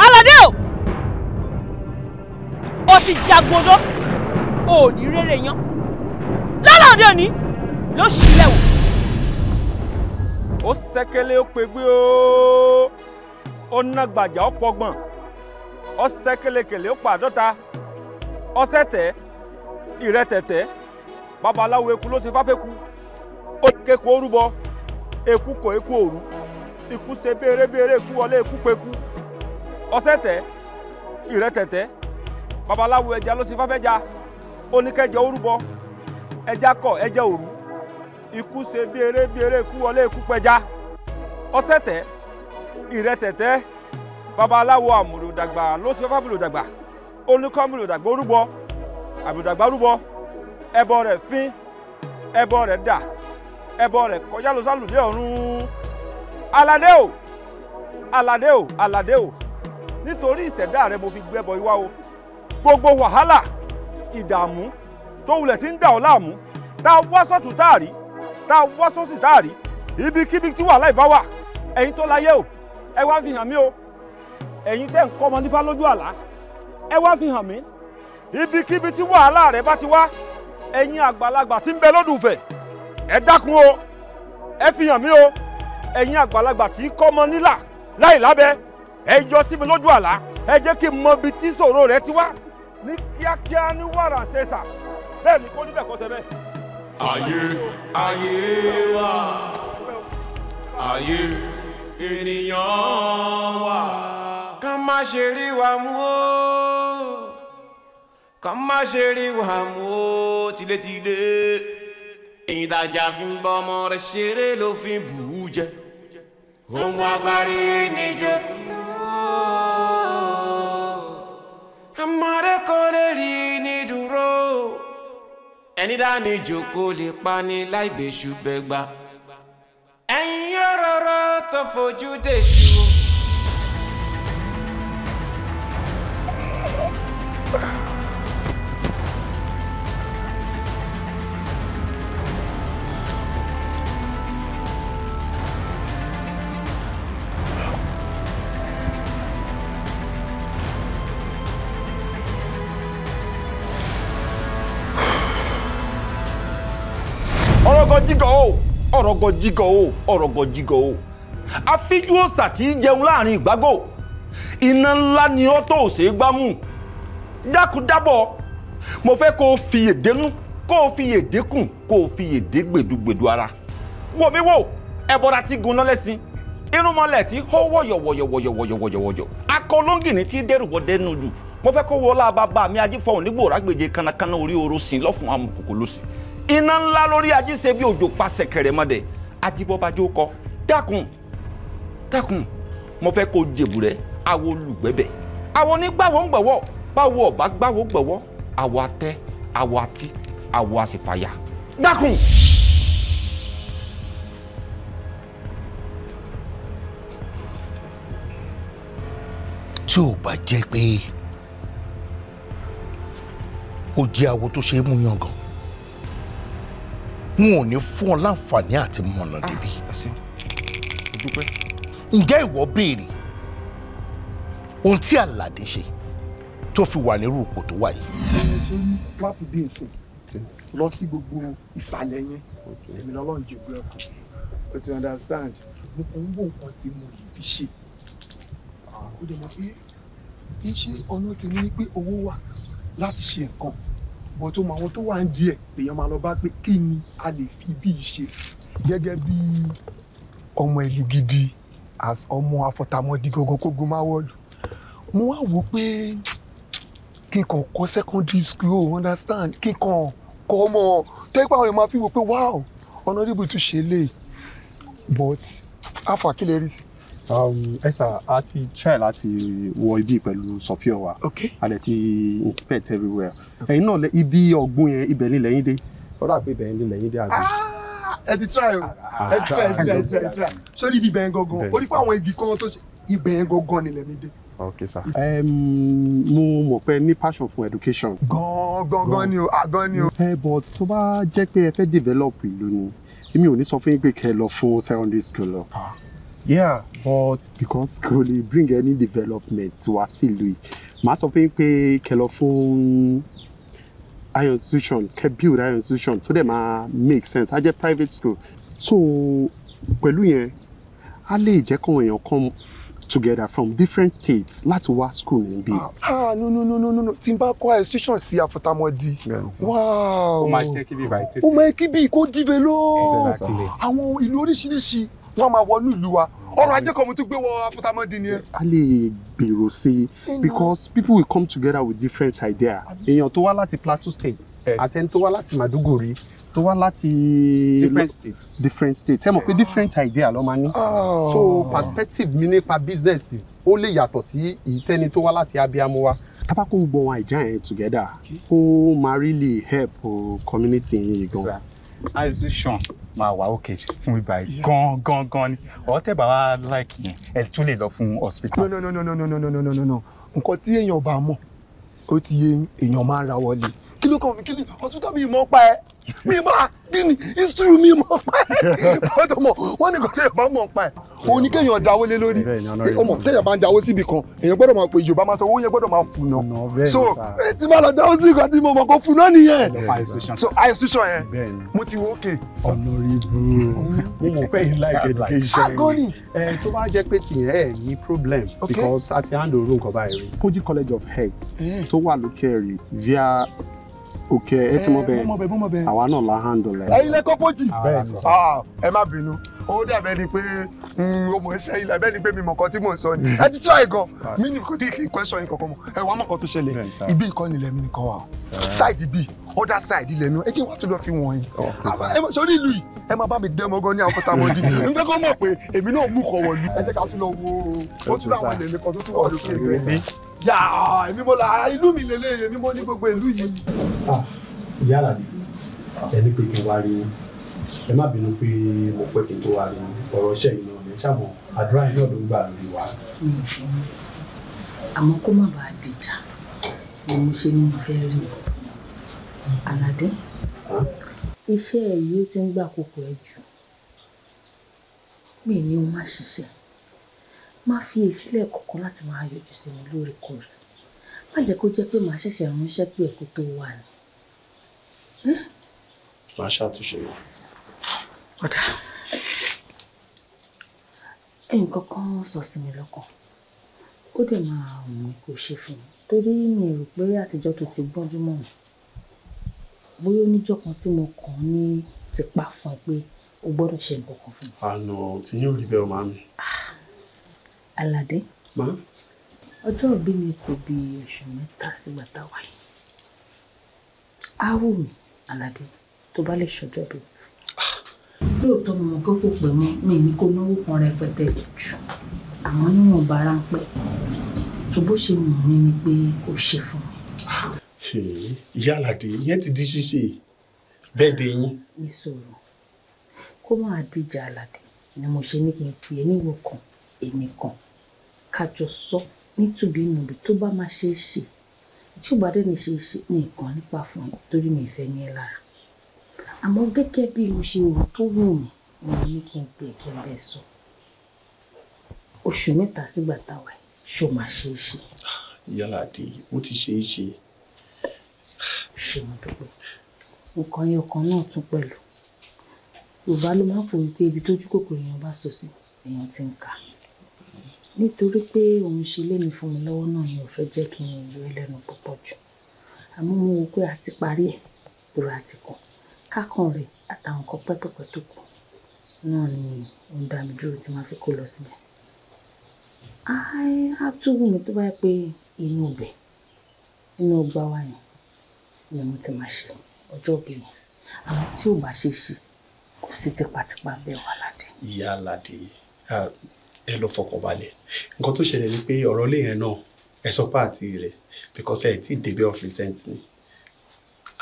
[SPEAKER 3] aládé o. ó ti jagodó òní rere yan lọ́la òde òní ló ṣílẹ̀ wò. ó ṣẹ́kẹ́lẹ́ ó pegbé o, ó ná gbàjà ó pọgbọ̀n ó ṣẹ́kẹ́lẹ́kẹ́lẹ́ ó pàdọ́ta ọsẹ tẹ ìrẹtẹtẹ babaláwo eku ló ṣe fáfẹku ó ké kó rúbọ eku kò eku òru ikú ṣe béèrè béèrè eku wọlé eku peku ọsẹ tẹ ìrẹtẹtẹ babaláwo ẹja ló ti fẹ́fẹ́ ja ó orúbọ ẹja kọ ẹja òru ikú ṣe bí eré bí eré ikú wọlé ikú pẹja ọsẹ tẹ ìrẹtẹtẹ babaláwo àmùlòdàgbà ló ti orúbọ orúbọ ẹbọ rẹ fín ẹbọ dà ẹbọ rẹ kọjá sálùdé gbogbo wàhálà ìdààmú tó wulẹ̀ tí ń dà ọ́ láàmú tá a wá sọ́tún tá a rí tá a wá sósì tá a rí ibikíbi tí wàhálà ìbá wà ẹ̀yin tó láyé o ẹ wá fi hàn mí o ẹ̀yin tẹ́ ń kọ́ ọmọ nípa lójú àlá ẹ wá fi hàn mí ibikíbi tí wàhálà rẹ bá ti wá ẹ̀yin àgbàlagbà tí ń bẹ lódùfẹ̀ ẹ dákun o ẹ fi hàn mí o ẹ̀yin àgbàlagbà tí kọ́ ọmọ nílà láì lábẹ́ ẹ yọ sí lójú àlá ẹ jẹ́ kí n mọ ibi tí ṣòro rẹ ti wá ní kíákíá ní wàrà ṣẹṣà bẹ́ẹ̀ ni kó níbẹ̀ kó ṣe bẹ́ẹ̀.
[SPEAKER 1] ayé ayé wa ayé ènìyàn wa ká má ṣe rí wa mú o ká má ṣe rí wa mú o tilétilé ìdájà fi ń bọ ọmọ rẹ ṣeré ló fi bù ú jẹ ohun agbárí níjẹ kúrò. Amare kò lè rí ní dúró ẹni dání jòkó lè pani láì gbèsù bẹ́gbà ẹ̀yin òróró tó fojú dèṣù.
[SPEAKER 3] ọ̀rọ̀gọ̀ jígọ̀ o ọ̀rọ̀gọ̀ jígọ̀ o afíjú òòsà tí í jẹun láàrin ìgbágbò iná ńlá ni ó tó òsè gbámú dákúdábọ̀ mo fẹ́ kó o fi èdénú kó o fi èdékùn kó o fi èdé gbèdúgbèdú ara wò mí wò ẹbọra ti gun lọ́lẹ́sìn inú mọ́lẹ̀ tí ó wọ̀yọ̀wọ̀yọ̀wọ̀yọ̀wọ̀yọ̀wọ̀yọ̀ akọlóńgì ni tí dẹ́rùbọ̀ dẹ́nu jù mo fẹ́ kó wọlá bàbá mi ajífọ̀hún nígbò rágbèje kanakana orí oró sí lọ́fun amukoko lọ́sìn iná ńlá lórí ajé ṣe bí òjò pa ṣẹ̀kẹ̀rẹ̀ mọ́dẹ̀ ajibọ́bájú kọ dákun dákun mo fẹ́ kó jèbù rẹ̀ awo olùgbẹ́bẹ̀ àwọn onígbàwọ̀ ń gbọ̀wọ̀ báwo ọ̀bá gbàwọ̀ gbọ̀wọ̀ àwọ̀ atẹ́ àwọ̀ àti àwọ̀ àṣìfàyà dákun. tí ò bá jẹ́ pé ó jẹ́ awo tó ṣe é mú yangàn n ò ní fún ọ láǹfààní àti mọ̀nà ah, débi. ǹjẹ́ ìwọ béèrè ohun tí àlàdé ṣe tó fi wà nírú ipò tó wà yìí. láti bí nsìn lọ sí gbogbo ìsàlẹ̀ yẹn èmi lọ́lọ́run jẹ́ ògbó ẹ̀fọ́ o ti understand mo kàn ń wò nǹkan tí mo lè fi ṣe ah. ó dẹ̀ mọ̀ pé kì í ṣe ọ̀nà tèmi ni pé owó wà láti ṣe nǹkan bọ́ tó mọ àwọn tó wà ń díẹ̀ lèèyàn máa lọ bá pé kí ni a lè fi bí i ṣe gẹ́gẹ́ bí ọmọ ìlú gidi as ọmọ afọ̀tàmọ́dì gangan kó gun máwọ́ọ̀lù mo wá wò pé kí n kàn kọ́ secondary school understand kí n kàn kọ́ ọmọ tẹ́gbà àwọn èèyàn máa fi wò pé wow honourable tún ṣe lè but afa kí rí sí ẹ um, a ti try láti wọ ibi pẹ̀lú sọfíọ wa a lè ti inspect everywhere ẹ̀yin náà ibi ọ̀gbun yẹn ibẹ̀ ni lẹ́yìn dé ọ̀rọ̀ àpè ibẹ̀ ni lẹ́yìn dé àgbẹ̀. Ah, ẹ ti try o ah, ah, ẹ ti try ẹ ti try ẹ ti try sórí ibi ibẹ̀ yẹn gangan ó ní pé àwọn igi kan tó ṣe ibẹ̀ yẹn gangan ni lẹ́mí dé. ok sir. mo mọ̀ pé ní passion for education. gan gan gan ni o gan ni o. ẹ but tó bá jẹ́ pé ẹ fẹ́ develop ìlú ni èmi ò ní sọ fún yín pé kẹ́ ẹ lọ fún secondary school lọ yeah but because kò lè bring any development to sílùú yìí màá sọ fún yín pé kẹ́ lọ fún higher institution kẹ́ build higher institution tó dẹ̀ máa make sense á jẹ́ private school so pẹ̀lú yẹn á lè jẹ́ kọ́ èèyàn come together from different states láti wá school níbí. ah no no no no no no. tí n bá kọ́ higher institution sí àfọ̀tàmọ́dì wow ó máa jẹ́ kí bí ibà tètè ó máa kí bí kó develop àwọn ìlú oríṣiríṣi wọ́n máa wọnú ìlú wa ọrọ̀ ajé kan mo tún gbé wọ afúntamọ́dì ni ẹ. a lè gbèrò sí i because people will come together with different ideas èèyàn tó wá láti Plateau state àtẹni tó wá láti Maduguri tó wá láti different states different states ẹ mọ̀ pé different idea ló máa ní oh. so perspective mi nípa business ó lè yàtọ̀ sí ìtẹ́ni tó wá láti abiamu wa tabako gbọ́ wọn àìjà together ó máa really help uh, community yẹn gan
[SPEAKER 4] azushan máa wà òkè fún ibà yìí gan gan gan ni ọ̀rọ̀ tẹ́ bá wa like yẹn ẹ tún lè lọ fún hospital. no no
[SPEAKER 3] no no no no no no no no nǹkan tí èèyàn ò bá mọ̀ ó ti yé èèyàn máa ń ra wọlé kí ló kàn mí kí ló hospital mi mọ́ pa ẹ́ mímọ gini history mímọ bọ́dọ̀ mọ̀ wọ́n ní kò tẹ́yọ̀ bá mọ̀ pa ẹ̀ òun ni kéèyàn dáwó lé lórí ọmọ tẹ́yọ̀ bá ń dáwó síbi kan èèyàn gbọ́dọ̀ máa pe Yorùbá máa sọ owó yẹn gbọ́dọ̀ máa fùnà so tí máa lọ dáwó síbi kan tí mo mọ̀ kó fùnà nìyẹn so àìsísọ yẹn mo ti wò ókè. ọlọrí búrò mo mọ̀ pé you like education agoni ah, ẹ tó bá jẹ́ pé tìyẹn ẹ ní problem because àti handle orú nǹkan báyìí Kogi College of Health mm. tó wà lókè rí via Okay, it's eh, mobile. mọ bẹ́ẹ̀ àwa náà la handle ẹ. ẹ̀yin lẹkọ pọjì ah, ẹ má ó dàbẹ́ ni pé mm, ọmọ ẹ̀ṣẹ́ ilẹ̀ abẹ́ ni pé mi mọ̀ kan tí mò ń sọ ni ẹ ti try gan mi ni kò tí kì í question yìí kankan mọ̀ ẹ wàá mọ̀ kan tó ṣẹlẹ̀ ibi ìkọ́ni lẹ́mí nìkan wà side b other side ilẹ̀ mi ẹ jẹ́ wàá tó lọ fi wọ̀n yìí sórí ìlú yìí ẹ máa bá mi dẹ́ ọmọ gan ní àkọ́tà mọ́ di nígbà kan mọ̀ pé èmi náà mú kọ̀ wọ̀lú ẹ jẹ́ ká tún lọ wo ó tún láwọn ilẹ̀ mi kan tó tún wọ̀ lókè rẹ̀ yà èmi mo la ìlú mi lélẹ́yìn èmi mo ní gbogbo ìlú yìí. Ah, ẹ má bínú pé mo pẹ́ kí n tó wá ní ọ̀rọ̀ iṣẹ́ yìí náà ní sàmọ̀ àdúrà yìí náà ló ń gbà lórí wa. àmọ́ kó má bàa dìjà ni mo ṣe ní mo fẹ́ rí o
[SPEAKER 2] aládé iṣẹ́ yìí ti ń gbà kókó ẹ jù mi ni o má ṣiṣẹ́ má fi èsílẹ̀ kọ̀ọ̀kan láti máa yọjú sí mi lóòrèkóòrè má jẹ́ kó jẹ́ pé màá ṣẹ̀ṣẹ̀ ránṣẹ́ pé ẹ̀kú tó wà ní.
[SPEAKER 3] Hm? màá ṣàtúnṣe wọn
[SPEAKER 2] ọ̀dà nǹkan kan sọ sí mi lọ́kàn ó dẹ̀ máa mú kó ṣe fún mi torí mi rò pé àtijọ́ tó ti gbọ́njú mọ́ mi bóyá oníjọ́ kan tí mo kàn ní tipa fún ẹ pé o gbọ́dọ̀ ṣe nǹkan kan fún
[SPEAKER 3] mi. àná ah, tí yóò rí bẹ́ẹ̀ máa mi. Ah,
[SPEAKER 2] Aládé ọjọ́ òbí mi kò bí oṣù mẹ́ta sígbà táwa yìí á wù mí Aládé tó bá lè ṣọjọ́ bí lóòótọ́ mo mọ̀ pé kò pẹ́ mọ́ mi ní kó náwó kan rẹpẹtẹ jù àmọ́ níwọ̀n bára ń pẹ́ tó bó ṣe mọ̀ mí ni pé kò ṣe fún mi.
[SPEAKER 3] yálà dé ìyẹn ti di ṣíṣe bẹ́ẹ̀ dé yín.
[SPEAKER 2] ìṣòro kó máa díjà àlàdé ni mo ṣe ní kí n fi ẹníwò kan èmi kan kájọ sọ nítùbí nùbí tó bá máa ṣe é ṣe tí ò bá ṣe é ṣe nìkan nípa fún ẹ torí mi ìfẹ́ ní ẹ lára àmọ́ gẹ́gẹ́ bí mo ṣe wò tó wù mí mo ní kí n pè kí n bẹ́ẹ̀ sọ oṣù mẹ́ta sígbà táwa ṣó máa ṣe é ṣe.
[SPEAKER 3] yálà dé ó ti ṣe é ṣe.
[SPEAKER 2] ṣeun dúpẹ́ nǹkan yẹn ọkàn náà tún pẹ̀lú yorùbá ló máa ń fòye pé ibi tójú kòkòrò èèyàn bá sọ sí èèyàn ti ń kà nítorí pé òun ṣe lémi fún mi lọ́wọ́ náà ni ò fẹ́ jẹ́ kí n yọ ẹlẹ́nu púpọ̀ jù àmọ́ mo wò pé a ti parí ẹ̀ tó ra ti kàn kákan rẹ̀ àtàwọn nǹkan pẹ́pẹ́pẹ́ tó kù náà ni òun dá mi dúró tí màá fi kó lọ síbẹ̀. á tún wù mí tó bá yẹ pé inú ibẹ̀ inú ọgbà wa yẹn ni mo ti máa ṣe ọjọ́ òbí mi àmọ́ tí ò bá ṣe ṣe kò sí tipátipá bẹ́ẹ̀ wà ládé.
[SPEAKER 3] ìyá aládé ẹ lọ fọkàn balẹ̀ nǹkan tó ṣẹlẹ̀ ni pé ọ̀rọ̀ ilé yẹn náà ẹ sọ páàtì rẹ̀ because ẹ ti débẹ̀ ọ̀fíìsẹ́ǹtì ni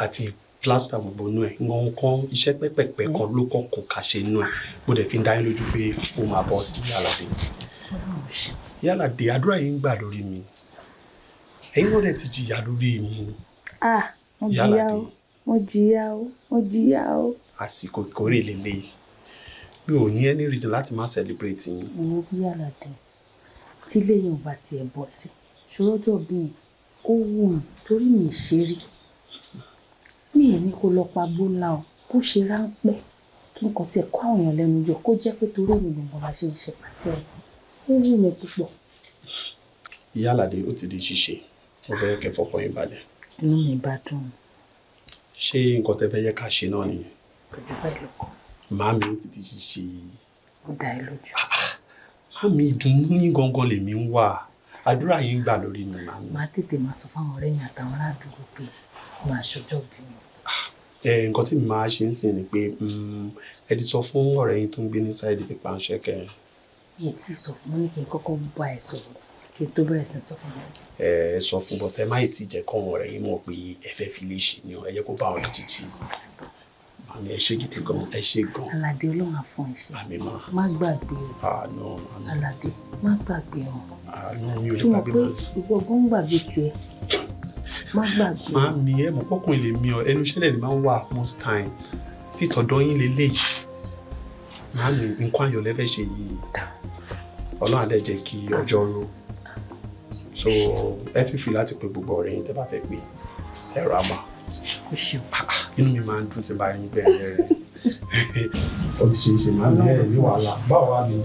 [SPEAKER 3] àti plaster gbogbo inú ẹ̀ ǹkan nǹkan iṣẹ́ pẹ́pẹ̀pẹ́ kan ló kàn kò kà ṣe inú ẹ̀ mo dẹ̀ fi ń dá yín lójú pé ó máa bọ́ sí Yálàdé Yálàdé àdúrà yín ń gbà lórí mi ẹ̀yin náà dẹ̀ ti jìyà lórí mi
[SPEAKER 2] Yálàdé mo jìyà o mo jìyà o.
[SPEAKER 3] àsìkò ìkórè lélẹ́yìí mi ò ní any reason láti má celebrate yín.
[SPEAKER 2] ìwọ bí Yálàdé tí lẹ́yìn ò bá tiẹ̀ sí ṣòro tó bí ó torí mi ṣe rí mi ì ní kó lọ pa gbóńlá o kó ṣe ráńpẹ́ kí nǹkan tiẹ̀ kó àwọn èèyàn lẹ́nu jọ kó jẹ́ pé torí èmi gbọ̀ngàn bá ṣe ń ṣe pàtẹ́ ẹ̀ ó wù mí púpọ̀.
[SPEAKER 3] ìyá àlàdé ó ti di ṣíṣe mo fẹ́ kẹ́ fọkàn yín balẹ̀.
[SPEAKER 2] inú mi bá dùn.
[SPEAKER 3] ṣé nǹkan tẹ́ fẹ́ yẹ ká ṣe náà nìyẹn.
[SPEAKER 2] kò jù bẹ́ẹ̀ lọ kọ́.
[SPEAKER 3] màámi ó ti di ṣíṣe.
[SPEAKER 2] ó dá ẹ lójú. Ah, ah.
[SPEAKER 3] màámi ìdùnnú ní gangan lèmi ń wà àdúrà yìí ń gbà lórí mi
[SPEAKER 2] màá tètè máa sọ fáwọn ọ̀rẹ́ mi àtàwọn aládùúgbò pé màá ṣọjọ́ bí mi
[SPEAKER 3] nǹkan tí mi máa ṣe ń sìn ni pé mm, ẹ ti sọ fún ọ̀rẹ́ yín tó ń gbé ní sáìdì pípa ń ṣẹ́kẹ́.
[SPEAKER 2] mi ti sọ fún mi ní kí n kọ́kọ́ bá ẹ sọ̀rọ̀ kí n tó bẹ̀rẹ̀ sí sọ fún mi.
[SPEAKER 3] ẹ ẹ sọ fún bọ́tẹ́ má ì tí jẹ́ kọ́ àwọn ọ̀rẹ́ yín mọ̀ pé ẹ fẹ́ fi lè ṣe ni ọ ẹ yẹ kó bá wọn títí tí àmì ẹ ṣe gidi gan ẹ ṣe gan. aládé ọlọ́run àfọ̀n ìṣe. àmì ma.
[SPEAKER 2] má gbàgbé o. àánú má gbàgbé o.
[SPEAKER 3] àánú mi ò lè
[SPEAKER 2] gbàgbé máa
[SPEAKER 3] mi ẹ mọ̀ pọ́kùnrin lè mi ọ ẹnu ṣẹlẹ̀ ni máa ń wà most time títọ́dọ́ yín lélẹ́yìí máa mi nǹkan ayọ̀ lẹ́fẹ̀ẹ́ ṣe yìí ọlọ́run àdẹ̀ jẹ́ kí ọjọ́ ró so ẹ fífi láti pe gbogbo ọ̀rẹ́ yín tẹ́ bá fẹ́ pé ẹ̀rọ àmà inú mi máa ń dùn tí bá yín bẹ́ẹ̀ rẹ̀
[SPEAKER 4] <laughs> ó ti ṣe é ṣe máa ń bẹ̀rẹ̀ ní wàhálà báwo wá ni.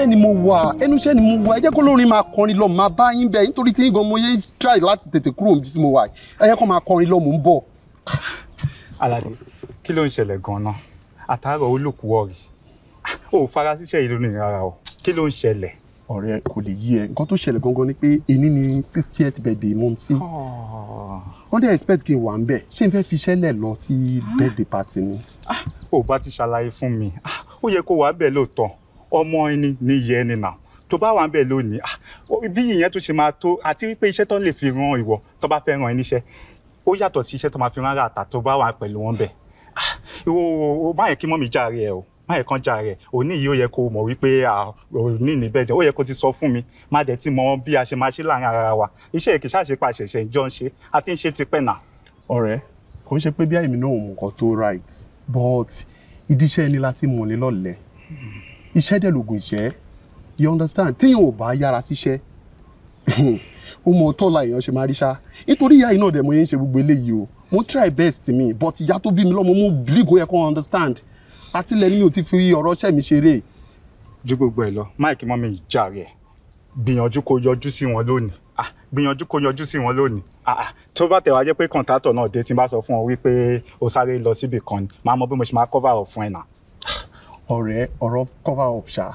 [SPEAKER 3] iṣẹ́ ni mo wà ẹnu iṣẹ́ ni mo wà ẹ jẹ́ kó lórin máa kọrin lọ máa bá yín bẹ́ẹ̀ nítorí tí gan mo yé try láti tètè kúrò níbi tí mo wà ẹ jẹ́ kó máa kọrin lọ mò ń
[SPEAKER 4] bọ̀. alade kí ló ń ṣẹlẹ̀ gan-an àtàárọ̀ olùkú ọ̀rì ah, ò fara síṣẹ́ ìlú nìyẹn rárá o kí ló ń ṣẹlẹ̀.
[SPEAKER 3] ọ̀rẹ́ kò lè yí ẹ nǹkan tó ṣẹlẹ̀ gangan ni pé èní ni sixtieth birthday mom sí ah. wọ́n dẹ̀ expect kí n wà ń bẹ̀ ṣé n fẹ́ fi ṣẹ́lẹ̀ lọ sí ah. birthday party ni.
[SPEAKER 4] ò bá ti ṣàlàyé fún mi ó yẹ kó wàá bẹ̀ lóòótọ́ ọmọ ẹni níyì ẹni náà tó bá wà ń bẹ̀ lónìí ah, bí ìyẹn tún ṣe máa tó àti wípé iṣẹ́ tó ń lè fi ran ìwọ tó bá fẹ́ ran ẹ níṣẹ́ ó yàtọ̀ sí iṣẹ́ tó máa fi ran ara àtà tó bá wà pẹ̀lú wọn bẹ̀ ah, ìwọ má yẹ kí mọ́mí jàre ẹ o má yẹ kán jàre ẹ òní yìí ó yẹ kó mọ̀ wípé òní níbẹ̀ jẹ́ ó yẹ kó ti sọ fún mi má dẹ̀ ti mọ bí a ṣe máa ṣe láàrin ara wa iṣẹ́ èkì ṣáà pa àṣẹ̀ṣẹ̀
[SPEAKER 3] but ìdíṣẹ́ ẹni láti mọ̀ ní iṣẹ́ dẹ̀ lògùn ìṣẹ́ you understand téèyàn ò bá yára síṣẹ́ <laughs> ó mọ tọ́la èèyàn ṣe máa rí ṣá nítorí ìyá iná dẹ̀ mo yẹn ń ṣe gbogbo eléyìí o mo try best me, but ìyá tó bí mi lọ́mọ mo believe yẹ kó understand àtìlẹ́yìn mi ò ti fi
[SPEAKER 4] ọ̀rọ̀ ṣẹ́ mi ṣeré. ju gbogbo ẹ lọ mike mọ mi jàre gbìyànjú kó yọjú sí wọn lónìí ah, gbìyànjú kó yọjú sí wọn lónìí ah, ah, tó bá tẹ̀ wá jẹ́ pé kọ̀ǹtátọ̀ náà dé tí n bá sọ fún ọ wípé o sáré lọ síbì kan ni màá mọ bí mo ṣe máa cover up fún ẹ̀ náà ọ̀rẹ́ ọ̀rọ̀ cover up ṣá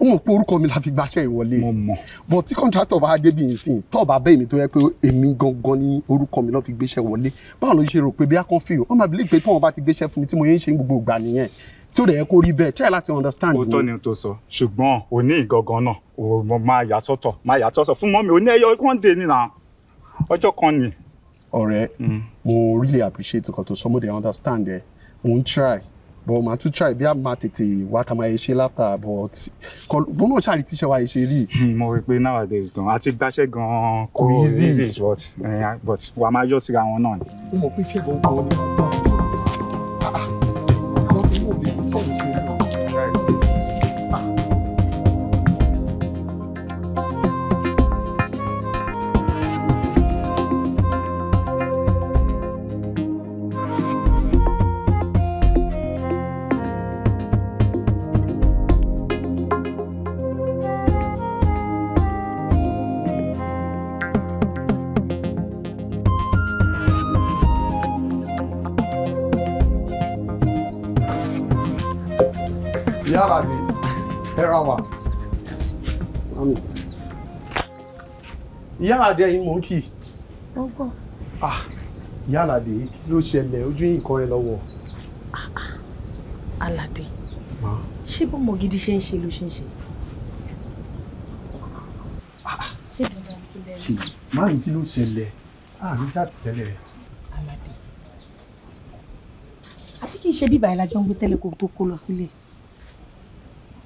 [SPEAKER 4] n ò pé orúkọ mi la fi gbaṣẹ́ ìwọlé
[SPEAKER 3] but tí kọ́ńtrátọ̀ bá débi ìsìn tọ́ọ̀bà bẹ́ẹ̀ mi tó yẹ pé èmi gangan ni orúkọ mi lọ́ọ́ fi gbéṣẹ́ wọlé
[SPEAKER 4] báwo ló ṣe rò pé bí a kàn fi o wọ́n máa believe pé tí wọ́n bá ti gbéṣẹ́ fún mi tí mo yẹn ń ṣe gbogbo ìgbà nìyẹn tí ó dẹ̀ yẹ kó rí bẹ́ẹ̀ try láti understand mi. òótọ́ ni tó sọ ṣùgbọ́n òní ìgangan náà ò máa yàtọ̀tọ̀ máa yàtọ̀tọ̀ fún mọ́mi òní ẹyọ one day nìyà ọjọ́ kan ni. ọ̀rẹ́ mm.
[SPEAKER 3] mo really appreciate nǹkan tó sọ mo dey understand ẹ mo ń try but màá tún try bí a máa
[SPEAKER 4] tètè wá ká máa ṣe láfta but bó náà ṣáà rí tíṣẹ́ wa ṣe rí. Hmm, mo rí i pé nowadays gan àti gbaṣẹ́ gan kò oh, easy but eh, but wàá máa yọ síra wọn náà.
[SPEAKER 3] mo mọ̀ pé ṣé gbogbo ìyá de yìí mò ń kì í. ó gbọ́. Ah, ìyá àlàdé kí ló ṣẹlẹ̀ ojú yìí kọ́ ẹ lọ́wọ́. àlàdé ah, ah.
[SPEAKER 2] ṣé bọ́mọ gidi ṣe ń ṣe ló ṣe ń ṣe. ṣe
[SPEAKER 3] márùn kí ló ṣẹlẹ̀ àrùn jáde tẹ́lẹ̀. àlàdé
[SPEAKER 2] àbí kì í ṣe bíbá ìlàjọ ń gbé tẹ́lẹ̀ kó tó kó lọ sílé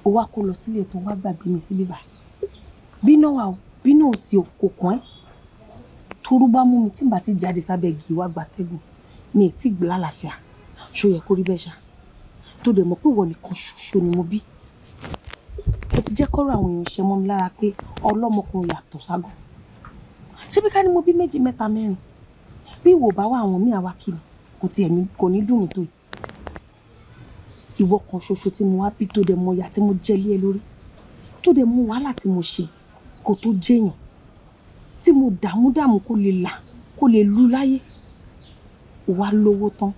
[SPEAKER 3] ó wá kó lọ sílé tó wá gbàgbé mi sí bíbá bí náà wà o bínú òsì kò kàn ẹ́ torú bá mú mi tí n bá ti jáde sábẹ́ igi wá
[SPEAKER 2] gbatẹ́gùn mi ì tí gbìlá àlàáfíà ṣó yẹ kó rí bẹ́ẹ̀ ṣá tó dẹ̀ mọ̀ pé ìwọ nìkan ṣoṣo ni mo bí ó ti jẹ́ kọ́rọ̀ àwọn èèyàn ṣe mọ́ mi lára pé ọlọ́mọkùnrin yàtọ̀ ságọ́ ṣé bí ká ní mo bí méjì mẹ́ta mẹ́rin bí ìwò bá
[SPEAKER 3] wà àwọn míì àwa kiri kò tiẹ̀ ní kò ní dùn mí tó yìí ìwọ kan ṣoṣo
[SPEAKER 2] tí mo wá bí tó dẹ̀ mọ ìyà tí mo jẹ́ lé ẹ lórí tó dẹ̀ mọ wàhálà tí mo ṣe kò tó jẹyàn tí mo dààmú dààmú kó lè là kó lè lu láyé ò wá lówó tán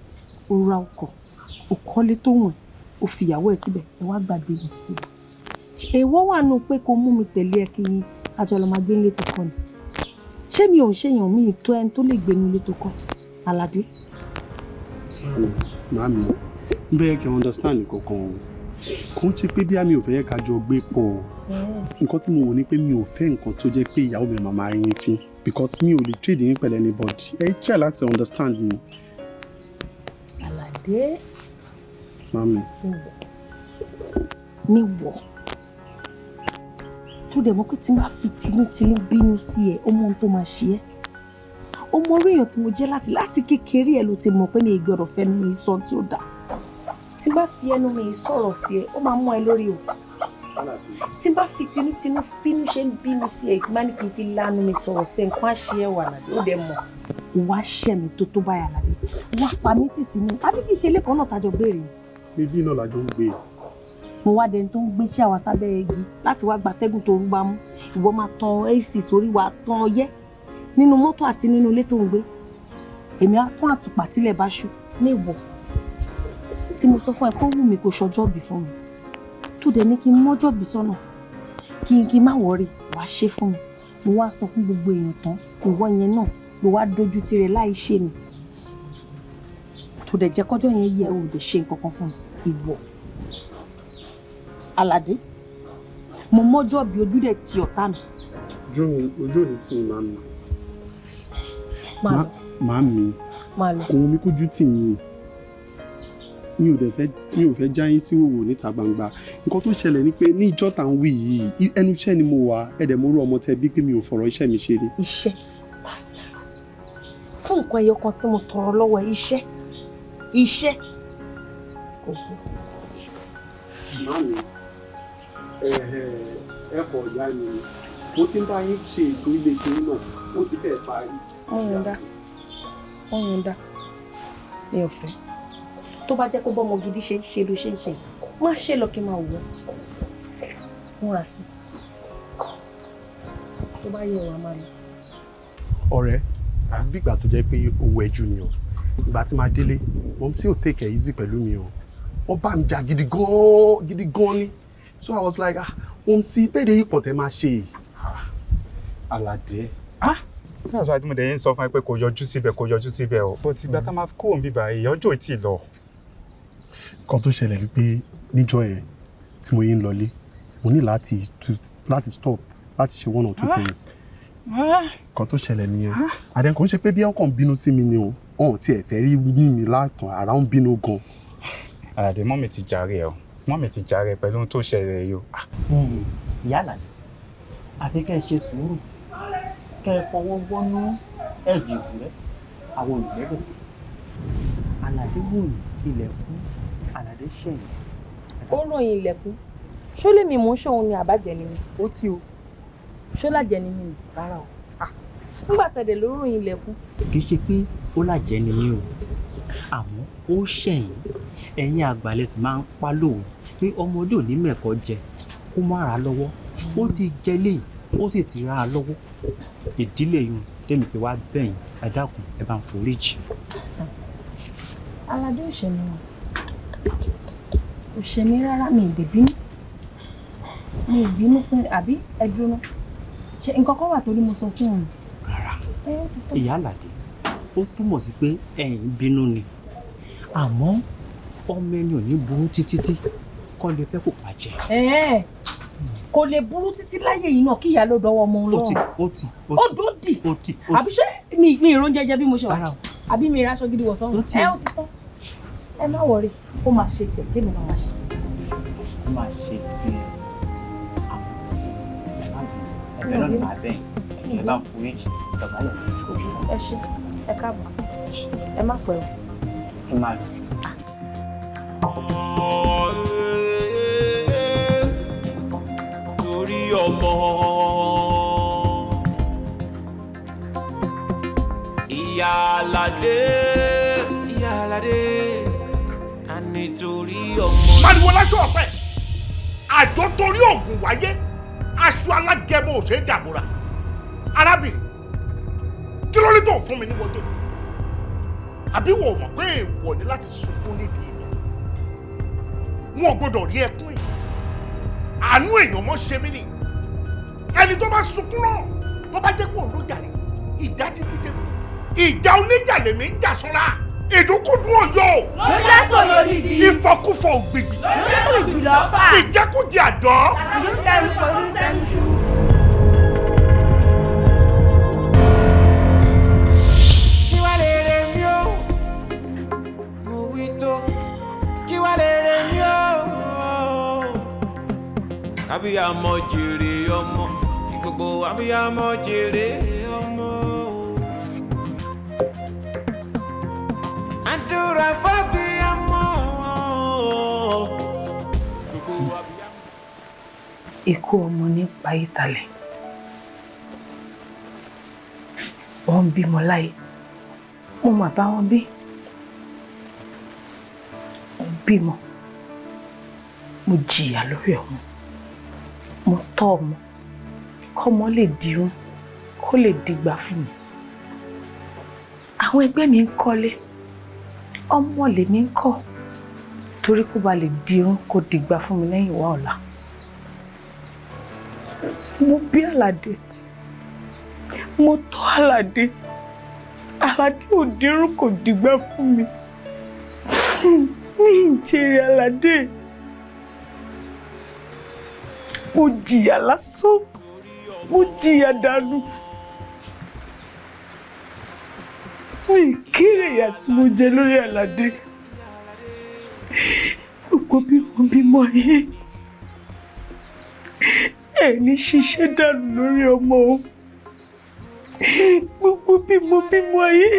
[SPEAKER 2] ó ra ọkọ̀ ò kọ́lé tó wọ̀n ò fìyàwó ẹ̀ síbẹ̀ ẹ wá gbàgbé mi síbẹ̀ èèwọ̀ wà nù pé kó mú mi tẹ̀lé ẹ kí ajọ lọ gbé nílé tó kọ́ ni ṣé mi ò ń ṣèyàn mi tó ẹni tó lè gbé nílé tó kọ́ aládé.
[SPEAKER 3] màámi bẹ́ẹ̀ kí n understand kankan o kò ń ṣe pé bí àmì ò fẹ́ yẹ ká jọ gbé pọ̀ nǹkan tí mo wò ni pé mi ò fẹ́ nǹkan tó jẹ́ pé ìyàwó mi màmá rí yín fín because mi ò lè trade yín pẹ̀lú anybody ẹ try láti understand me. àlàdé. mami. mi wọ̀
[SPEAKER 2] tó dẹ̀ mọ́ pé tí n bá fi
[SPEAKER 3] tinútinú bínú sí ẹ ó mọ ohun tó máa ṣe ẹ́ ó mọ orí èèyàn tí mo jẹ́ láti láti
[SPEAKER 2] kékeré ẹ ló ti mọ̀ pé mi ì gbọ́dọ̀ fẹ́ mi sọ tí ó dáa tí n bá fi ẹnu mi sọ̀rọ̀ sí ẹ ó máa mú ẹ lórí o tí n bá fi tinútinú bínú ṣe ń bí mi sí ẹ tí má ní kí n fi lánú mi sọ̀rọ̀ sí ẹ nǹkan á ṣe ẹ wà lábẹ́ ó dẹ mọ̀. wá ṣẹ́ mi tó tó báyà lábẹ́ wá pa mí tì sí mi àbí kí n ṣe lẹ́kọ̀ọ́ náà tájọ béèrè.
[SPEAKER 3] bíbí náà làjọ ń gbé e.
[SPEAKER 2] mo wá dẹni tó ń gbé sí àwa sábẹ́ igi láti wá gbatẹ́gùn tó ń bá mú ìwọ máa
[SPEAKER 3] tan ac torí wa tan ọyẹ́ nínú mọ́tò àti nínú ilé tó ń gbé èmi
[SPEAKER 2] á tún àtùpà tílẹ̀ bá ṣú ní tí mo sọ fún ẹ kó wù mí kó ṣọjọ́bí fún mi tó dẹ̀ ní kí n mọ́jọ́bí sọ́nà kí n kí n má wọrí wàá ṣe fún mi mo wá sọ fún gbogbo èèyàn tán ìwọ yẹn náà ló wá dojú tirẹ̀ láì ṣe mi
[SPEAKER 3] tó dẹ̀ jẹ́ kọ́jọ́ yẹn yẹ ò lè ṣe nǹkan kan fún mi ìwọ aládé mo mọ́jọ́ bí ojú dẹ̀ ti ọ̀tá mi. ojú mi ojú òní tí mi máa ń mi. máa mi kò mi kójú tì yín mi ò dẹ̀ fẹ́ mi ò fẹ́ já yín sí wòwò níta gbangba nǹkan tó ṣẹlẹ̀ ni pé ní ìjọ tá à ń wí yìí ẹnu iṣẹ́ ni mo wà ẹ̀dẹ̀ mo rú ọmọ tẹ bí pé mi ò fọ̀rọ̀ iṣẹ́ mi ṣeré. iṣẹ́
[SPEAKER 2] fún nǹkan ẹyọ kan tí mo tọrọ lọ́wọ́ iṣẹ́ iṣẹ́ kò gbọ́.
[SPEAKER 3] màmí ẹ kọ̀ ọ̀yá mi mo ti ń bá yín ṣe ètò ilé tí ń lọ ó ti fẹ́ẹ̀ parí.
[SPEAKER 2] ọ̀hún dá ọ̀hún dá mi ò fẹ́ tó bá jẹ́ kó bọ́mọ gidi ṣe ṣe ló ṣe ń ṣe má ṣe lọ kí n máa wò ó múra sí tó bá yẹ wà máa lọ.
[SPEAKER 3] ọ̀rẹ́ bígbà tó jẹ́ pé owó ẹjú ni o ìgbà tí máa délé mom sí ò take it easy pẹ̀lú mi o wọ́n bá mi jà gidi gan gidi gan ni so i was like ah mom sí bẹ́ẹ̀dẹ̀ yìí pọ̀ tẹ́ máa ṣe
[SPEAKER 4] aládé ah kí ni àṣọ àti mo dẹ̀ yín sọ fún ẹ pé kò yọjú síbẹ̀ kò yọjú síbẹ̀ o bó ti gbà tá máa kó òun bíbá ìyọjú ò tí ì lọ
[SPEAKER 3] nǹkan tó ṣẹlẹ̀ wípé níjọ́ yẹn tí mo yé ń lọlé mo ní láti láti stop láti ṣe one or two ah. things ah. nǹkan tó ṣẹlẹ̀ nìyẹn àdé ah. kò ń ṣe pé bí ọkàn bínú sí mi ni o
[SPEAKER 4] ọ̀hún tiẹ̀ fẹ́ rí mí mi látàn ara ń bínú gan. àdé mọ́mì ti jàre ọ mọ́mì ti jàre pẹ̀lú ohun tó ṣẹlẹ̀ yìí o. Hmm, yálà
[SPEAKER 3] àfi kẹ́ ẹ ṣe sùúrù kẹ́ ẹ fọwọ́ wọ́nú ẹ̀jẹ̀ ìbúrẹ́ àwọn olùgbẹ́bẹ̀ aládé wò ní ilẹ̀kùn ló ṣe yìí. ó ròyìn ilẹ̀kùn ṣó lèmi mò ń ṣòun ni àbájẹ ni mi ó ti o ṣó lájẹ ni mi rárá o nígbà tẹ̀dẹ̀ ló ròyìn ilẹ̀kùn. kì í ṣe pé ó lájẹ ni mi o àmọ́ ó ṣẹ̀yìn ẹ̀yin àgbàlẹ̀ sì máa ń pa lóòó pé ọmọdé ò ní mẹ̀kọ́ jẹ kó má ra lọ́wọ́ ó ti jẹ léyìí ó sì ti
[SPEAKER 4] ra lọ́wọ́ ìdílé yìí tèmi fi wá bẹ̀yìn ẹ dákun ẹ bá ń foríjì.
[SPEAKER 2] aládé òṣèlú wọn kò ṣe mí rárá mi ì bínú mi ì bínú pé àbí ẹ dúró ṣe nǹkan kan wà torí mo sọ sí òun. rárá ìyá
[SPEAKER 3] àlàdé ó túmọ̀ sí pé ẹ̀yin bínú ni àmọ́ ọmọ ẹni ò ní burú títí tí
[SPEAKER 2] kọ́ lè fẹ́ kó pàjẹ́.
[SPEAKER 3] kò lè burú títí láyé yìí náà kí ìyá ló dọwọ́ ọmọ ọlọ́run
[SPEAKER 2] ó ti ó dòdì àbí ṣé mi ìròyìn jẹjẹ bí mo ṣe wà àbí mi ìraṣọ gidi wọ̀ sọ́run ẹ ó ti tán ẹ má wọrí ó máa ṣe tiẹ̀ kémi náà máa ṣe. ó máa ṣe tí ẹ̀fẹ̀ náà ló máa
[SPEAKER 4] bẹ̀yìn ẹ̀jẹ̀ bá ń forí jì ìtọ̀kálẹ̀ sí ìkòwé.
[SPEAKER 2] ẹ ṣe ẹ káàbọ̀ ẹ má pẹ́ o.
[SPEAKER 4] ẹ má lọ.
[SPEAKER 1] ìyá aládé. pariwo láṣọ
[SPEAKER 3] ọ̀pẹ àjọ torí ògùn wáyé aṣọ alágẹmọ ò ṣe é dàbòrà arábìnrin kí ló ní tó fún mi ní wọjọ àbí wò mọ̀ pé èèwọ̀ ni láti sunkún níbi ìlú wọn ò gbọdọ̀ rí ẹkún yìí àánú èèyàn mọ́ ṣe mí ni ẹni tó bá sunkún náà tó bá jẹ́ kó ló jà ní ìjà ti fi tẹ̀lé ìjà oníjà lèmi ń jà sọ́ra ìdúnkùdú ọ̀yọ́. lójúlásò lódìdí. ìfọkúfọ ògbìgbì. lójúlásò ìgbìlọ̀ fà. ìjẹkújẹ àdán. àbí
[SPEAKER 2] sẹ́nu kò sẹ́nu kí wàá lè rè mí
[SPEAKER 1] o mo wí tó kí wàá lè rè mí o kábíyàmọ jèrè ọmọ kí gbogbo àbíyàmọ jèrè.
[SPEAKER 2] ikú ọmọ nípa ìtàlẹ̀ wọ́n ń bímọ láyé mo mà bá wọn bí mo bímọ mo jìyà lórí ọmọ mo tọ́ ọmọ kọ́mọ lè dirun kó lè digba fún mi àwọn ẹgbẹ́ mi ń kọ́lé ọmọ lèmi ń kọ́ torí kó ba lè dirun kó digba fún mi lẹ́yìn wá ọ̀la mo bí Àlàdé mo tọ́ Àlàdé Àlàdé ò dírún kò dìgbà fún mi ní ìjèrè Àlàdé mo jìyà lásán mo jìyà dànù mo ìkéré ìyà tí mo jẹ lórí Àlàdé gbogbo bí mo bímọ yìí ẹni ṣiṣẹ́ dànù lórí ọmọ o gbogbo bímọ bímọ ayé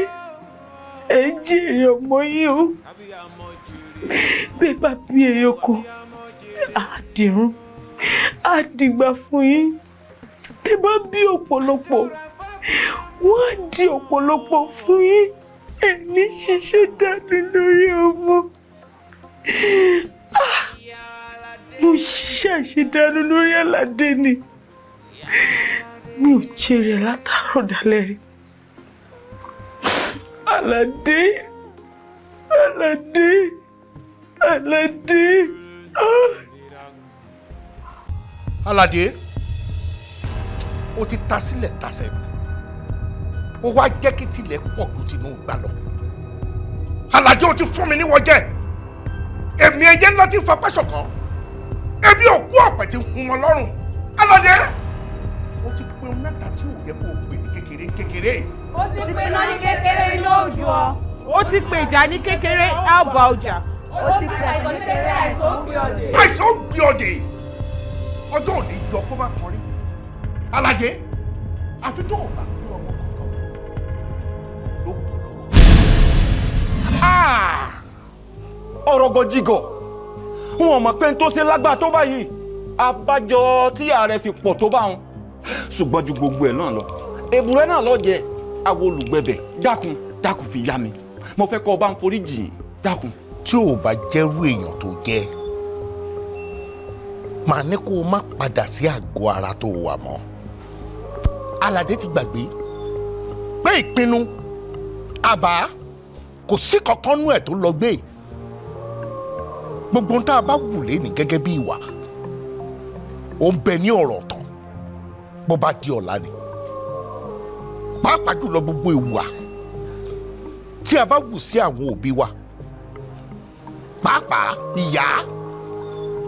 [SPEAKER 2] ẹ ń jèrè ọmọ yìí o bẹ́ẹ̀ bá bí èèyàn kan àdìrún àdìgbà fún yín tẹ́ bá bí ọ̀pọ̀lọpọ̀ wọ́n á di ọ̀pọ̀lọpọ̀ fún yín ẹni ṣiṣẹ́ dànù lórí ọmọ. Ah! mo ṣiṣẹ́ àṣedánú lórí àlàdé ni mi ò jèrè látàárọ̀ dalẹ́ rí àlàdé àlàdé àlàdé.
[SPEAKER 3] àlàdé o ti ta sílẹ̀ tasẹ̀ mi o wá jẹ́ kí tilẹ̀ pọ̀ ju tinú gbà lọ àlàdé o ti fún mi níwọ̀ èmi ẹyẹ ńlá ti fapá ṣọ̀kan ebi òkú ọ̀pẹ̀ ti hun wọn lọ́rùn alọ́dẹ ó ti pinnu mẹ́ta tí ò yẹ kó o pè ní kékeré kékeré.
[SPEAKER 2] ó ti pinnu ní kékeré iná òjò
[SPEAKER 3] ó ti pèjà ní kékeré ààbò ọjà.
[SPEAKER 2] ó ti pè àìsàn ní kékeré àìsàn ó gbé ọdẹ.
[SPEAKER 3] àìsàn ó gbé ọdẹ ọjọ́ òní yọ kó má kàn rí alàjẹ tó o bá kú ọmọ kan tán ló gbọ́dọ̀ wọ. Ah! ọ̀rọ̀ gọjígọ̀ kún ọmọ pé n tó ṣe lágbà tó báyìí abájọ tí ààrẹ fi pọ̀ tó bá wọn ṣùgbọ́n ju gbogbo ẹ̀ náà lọ èbúrẹ́ náà lọ jẹ àwọn olùgbẹ̀bẹ̀ dákun dákun fi yá mi mo fẹ́ kọ́ ọba ń forí jìn dákun. tí ò bá jẹ́rú èèyàn tó jẹ́ màá ní kó o má padà sí àgọ́ ara tó wà mọ́ aládé ti gbàgbé pé ìpinnu àbá kò sí kankan nú ẹ̀ tó lọ gbé yìí gbogbo ohun tá a bá wù lé ní gẹ́gẹ́ bí ìwà ó ń bẹ ní ọ̀rọ̀ ọ̀tọ̀ bó bá di ọ̀la ni pàápàá jùlọ gbogbo ìwà tí a bá wù sí àwọn òbí wa pàápàá ìyá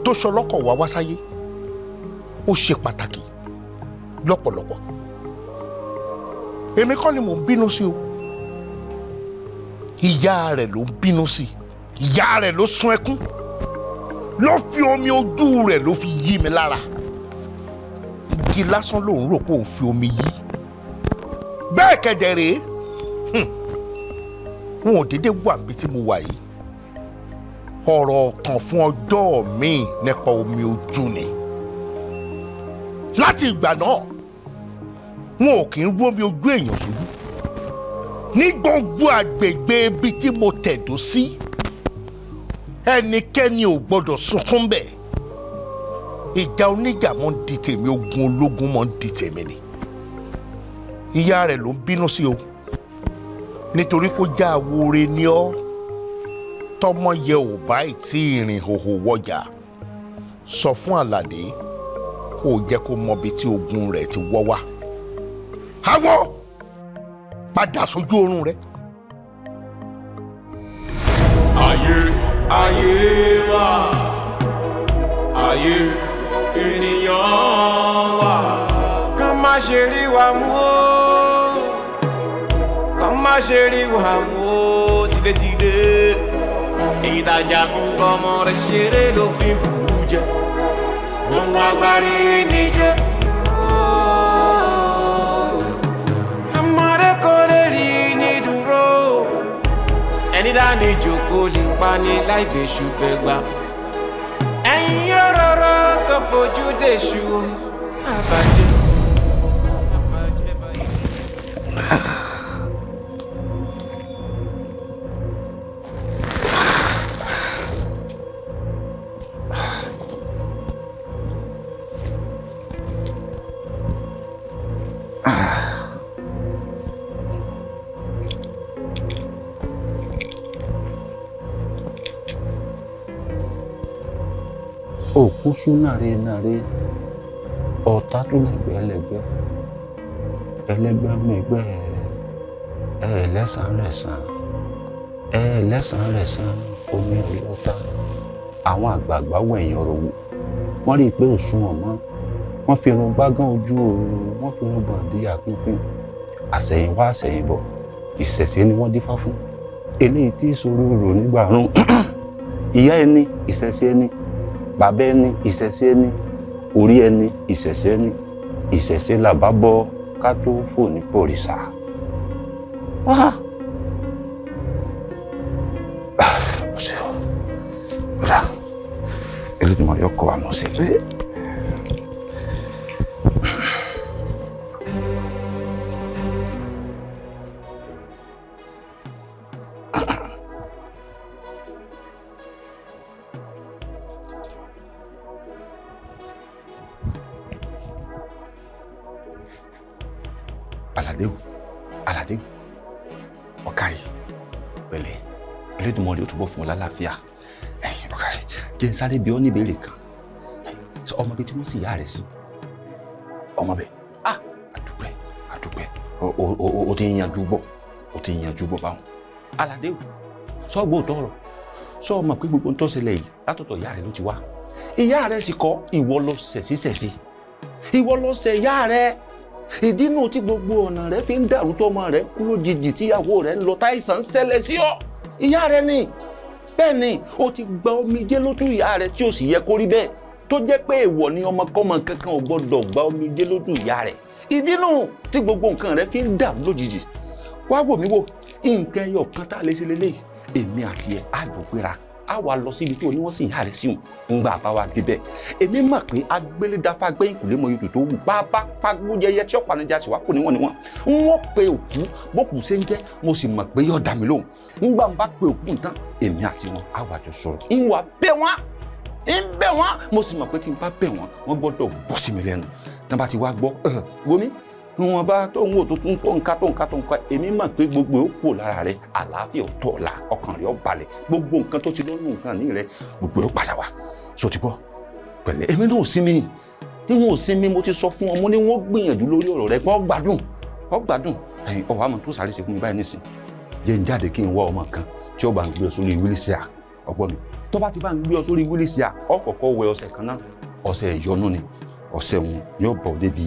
[SPEAKER 3] tó ṣọlọ́kọ̀ wá wá sáyé ó ṣe pàtàkì lọ́pọ̀lọpọ̀ èmi kọ́ ni mò ń bínú sí o ìyá rẹ̀ ló ń bínú sí ìyá rẹ̀ ló sun ẹkún ló fi omi ojú rẹ̀ ló fi yí mi lára igi lásán lòun rò pé òun fi omi yí bẹ́ẹ̀ kẹ̀dẹ̀ rèé wọn hmm. ò déédéé wà níbi tí mo wà yìí ọ̀rọ̀ kan fún ọjọ́ míì nípa omi ojú ni láti ìgbà náà wọn ò kì í rú omi ojú èèyàn sójú ní gbogbo àgbègbè ibi tí mo tẹ̀dó sí. Si ẹnikẹ́ni ò gbọ́dọ̀ sunkún bẹ́ẹ̀ ìjà oníjà mọ́ di tèmi ogun ológun mọ́ ń di tèmi ni ìyá rẹ̀ ló ń bínú sí o nítorí kó já awore ni ọ́ tọmọ yẹ ò bá ìtí ìrìn hòhò wọjà sọ fún àlàdé kó o jẹ́ kó mọbi tí ogun rẹ̀ ti wọ́ wá awọ padà sójú oorun rẹ.
[SPEAKER 1] ayé ayé wà ayé ènìyàn wà ká má ṣe rí wa mú o ká má ṣe rí wa mú o tìletìle èyí fún ọmọ rẹ ṣeré ló fi bù ú jẹ wọn wá gbárí níjẹ. dídánijò kò lè pani láì bẹ́ṣù bẹ́gbà ẹ̀yin òróró tó fojú déṣù.
[SPEAKER 3] sú nàrenàre ọ̀tá tó lẹ̀gbẹ́ lẹ̀gbẹ́
[SPEAKER 1] ẹlẹ́gbẹ́ mẹ́gbẹ́ ẹ̀ẹ́lẹ́sàn rẹ̀sàn ẹ̀ẹ́lẹ́sàn rẹ̀sàn omi ọlọ́ta àwọn àgbààgbà wẹ̀yìn
[SPEAKER 3] ọ̀rọ̀ wò wọ́n rí i pé òṣùwọ̀n mọ́ wọ́n fi irun gbágán ojú òru wọ́n fi irun gbọ̀n di àpínpín àsẹ̀yìnwá àsẹ̀yìnbọ̀ ìṣẹ̀ṣe ni wọ́n dífá fún eléyìí tí ìṣòro rò nígbà rún <clears throat> ìyá ẹni ìṣẹ̀ṣe ẹni bàbá ẹni ìṣẹ̀ṣe ẹni orí ẹni ìṣẹ̀ṣe ẹni ìṣẹ̀ṣe làbá bọ́ ká tó fò ní Ah. sáré bí ó ní ìbéèrè kan ọmọbi tí wọ́n sì yá rẹ̀ sí ọmọbẹ ah àdúpẹ́ àdúpẹ́ o ti yanjú bọ̀ o ti yanjú bọ̀ báwọn. aládé o sọ́ọ̀gbọ́ ò tọrọ sọ ọmọ pé gbogbo ń tó ṣẹlẹ̀ yìí látọ̀tọ̀ ìyá rẹ̀ ló ti wá ìyá rẹ̀ sì kọ́ ìwọ ló ṣẹ̀sí ṣẹ̀sí ìwọ ló ṣẹ̀ ìyá rẹ̀ ìdí inú tí gbogbo ọ̀nà rẹ̀ fi ń dàrú tọmọ rẹ̀ kú lójijì tíyàwó rẹ̀ ń lọ táìsàn ń ṣẹlẹ̀ sí ọ ìyá rẹ̀ ni bẹ́ẹ̀ ni ó ti gba omijé lójú ìyá rẹ̀ tí ó sì yẹ kó bẹ́ẹ̀ tó jẹ́ pé èèwọ̀ ni ọmọkọ́mọ kankan ò gbọ́dọ̀ gba omijé lójú ìyá rẹ̀ ìdínú tí gbogbo nǹkan rẹ̀ fi ń dà lójijì wá wò mí wò nǹkan ẹyọ kan tá a lè ṣe lélẹ́yìí èmi àti ẹ̀ á gbéra a wà lọ síbi tí oníwọ̀n sì yára sí òun ńgbà bá wa débẹ̀ èmi mọ̀ pé agbélédáfá gbẹ̀yìn kò lè mọ yòtò tó wù bá a bá pagbo jẹyẹ tí ọ̀pá níjà sì wá kò níwọ̀n níwọ̀n n wọ́n pe òkú bókù ṣe ń jẹ́ mo sì mọ̀ pé yóò dá mi lóhùn ńgbà ń bá pe òkú nǹkan èmi àti wọn a wà jọ sọ̀rọ̀ ń wà bẹ́ wọn ń bẹ́ wọn mo sì mọ̀ pé tí n bá bẹ́ wọn wọ́n gbọ́dọ̀ bọ́ sí mi lẹ́nu tí wọ́n bá ti wá gbọ́ ẹ̀ wọ́n wọn bá tó ń wò tó tún tó nǹka tó nǹka tó nǹka èmi mọ̀ pé gbogbo ó kù lára rẹ àlàáfíà ọ̀tọ̀ la ọkàn rẹ balẹ̀ gbogbo nǹkan tó ti lọ́nu nǹkan ní rẹ gbogbo ó padà wá sotigbọ́ pẹ̀lẹ́ èmi náà ò sinmi ní wọn ò sinmi mo ti sọ fún wọn mo wọn gbìyànjú lórí ọ̀rọ̀ rẹ pọ́ gbádùn pọ́ gbádùn ẹ̀yin ọ̀wá mọ̀ tó sáré ṣe fún mi báyìí nísìn jẹ́ ń jáde kí n wá ọmọ kan tí ó bá ń gbé ọ sórí wílísíà ọgbọ́n mi tó bá ti bá ń gbé ọ sórí wílísíà ọkọ̀ọ̀kọ̀ wẹ ọṣẹ kan náà ọṣẹ ìyọnu ni ọṣẹ òun yóò bọ̀ débi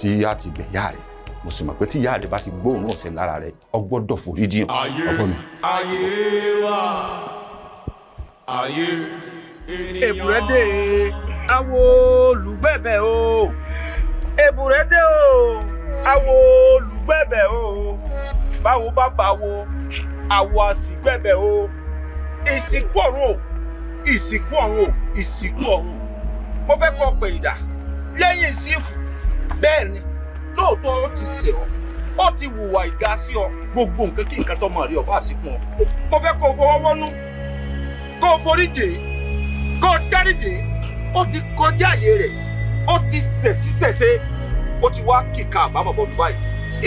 [SPEAKER 3] tí a ti bẹ̀ yá rẹ̀ mo sì mọ̀ pé tí ìyá rẹ̀ bá ti gbóòórùn ọ̀sẹ̀ lára rẹ̀ ọgbọ́dọ̀ foríjì hàn ọgbọ́n mi.
[SPEAKER 2] ayé wa ayé ènìyàn. èbúrẹ́dẹ̀ awo olùgbẹ̀bẹ̀ o èbúrẹ́dẹ̀ o
[SPEAKER 3] awo olùgbẹ̀bẹ̀ o báwo bá bá wo àwo àsìgbẹ̀bẹ̀ o ìsìnkú ọ̀run o ìsìnkú ọ̀run o ìsìnkú ọ̀run mo fẹ́ kọ́ pé ìdá lẹ́yìn sífù bẹ́ẹ̀ ni lóòótọ́ ó ti ṣẹ̀ ọ́ ó ti hùwà ìgá sí ọ gbogbo nǹkan kí nǹkan tó mọ̀ rí ọba àṣekún ọ mo fẹ́ kó o fọwọ́ wọ́nú kó o foríjì kó o dáríjì ó ti kọjá àyè rẹ̀ ó ti ṣẹ̀ṣíṣẹ̀ṣe ó ti wá kíka àbámọ̀ bọ̀ báyìí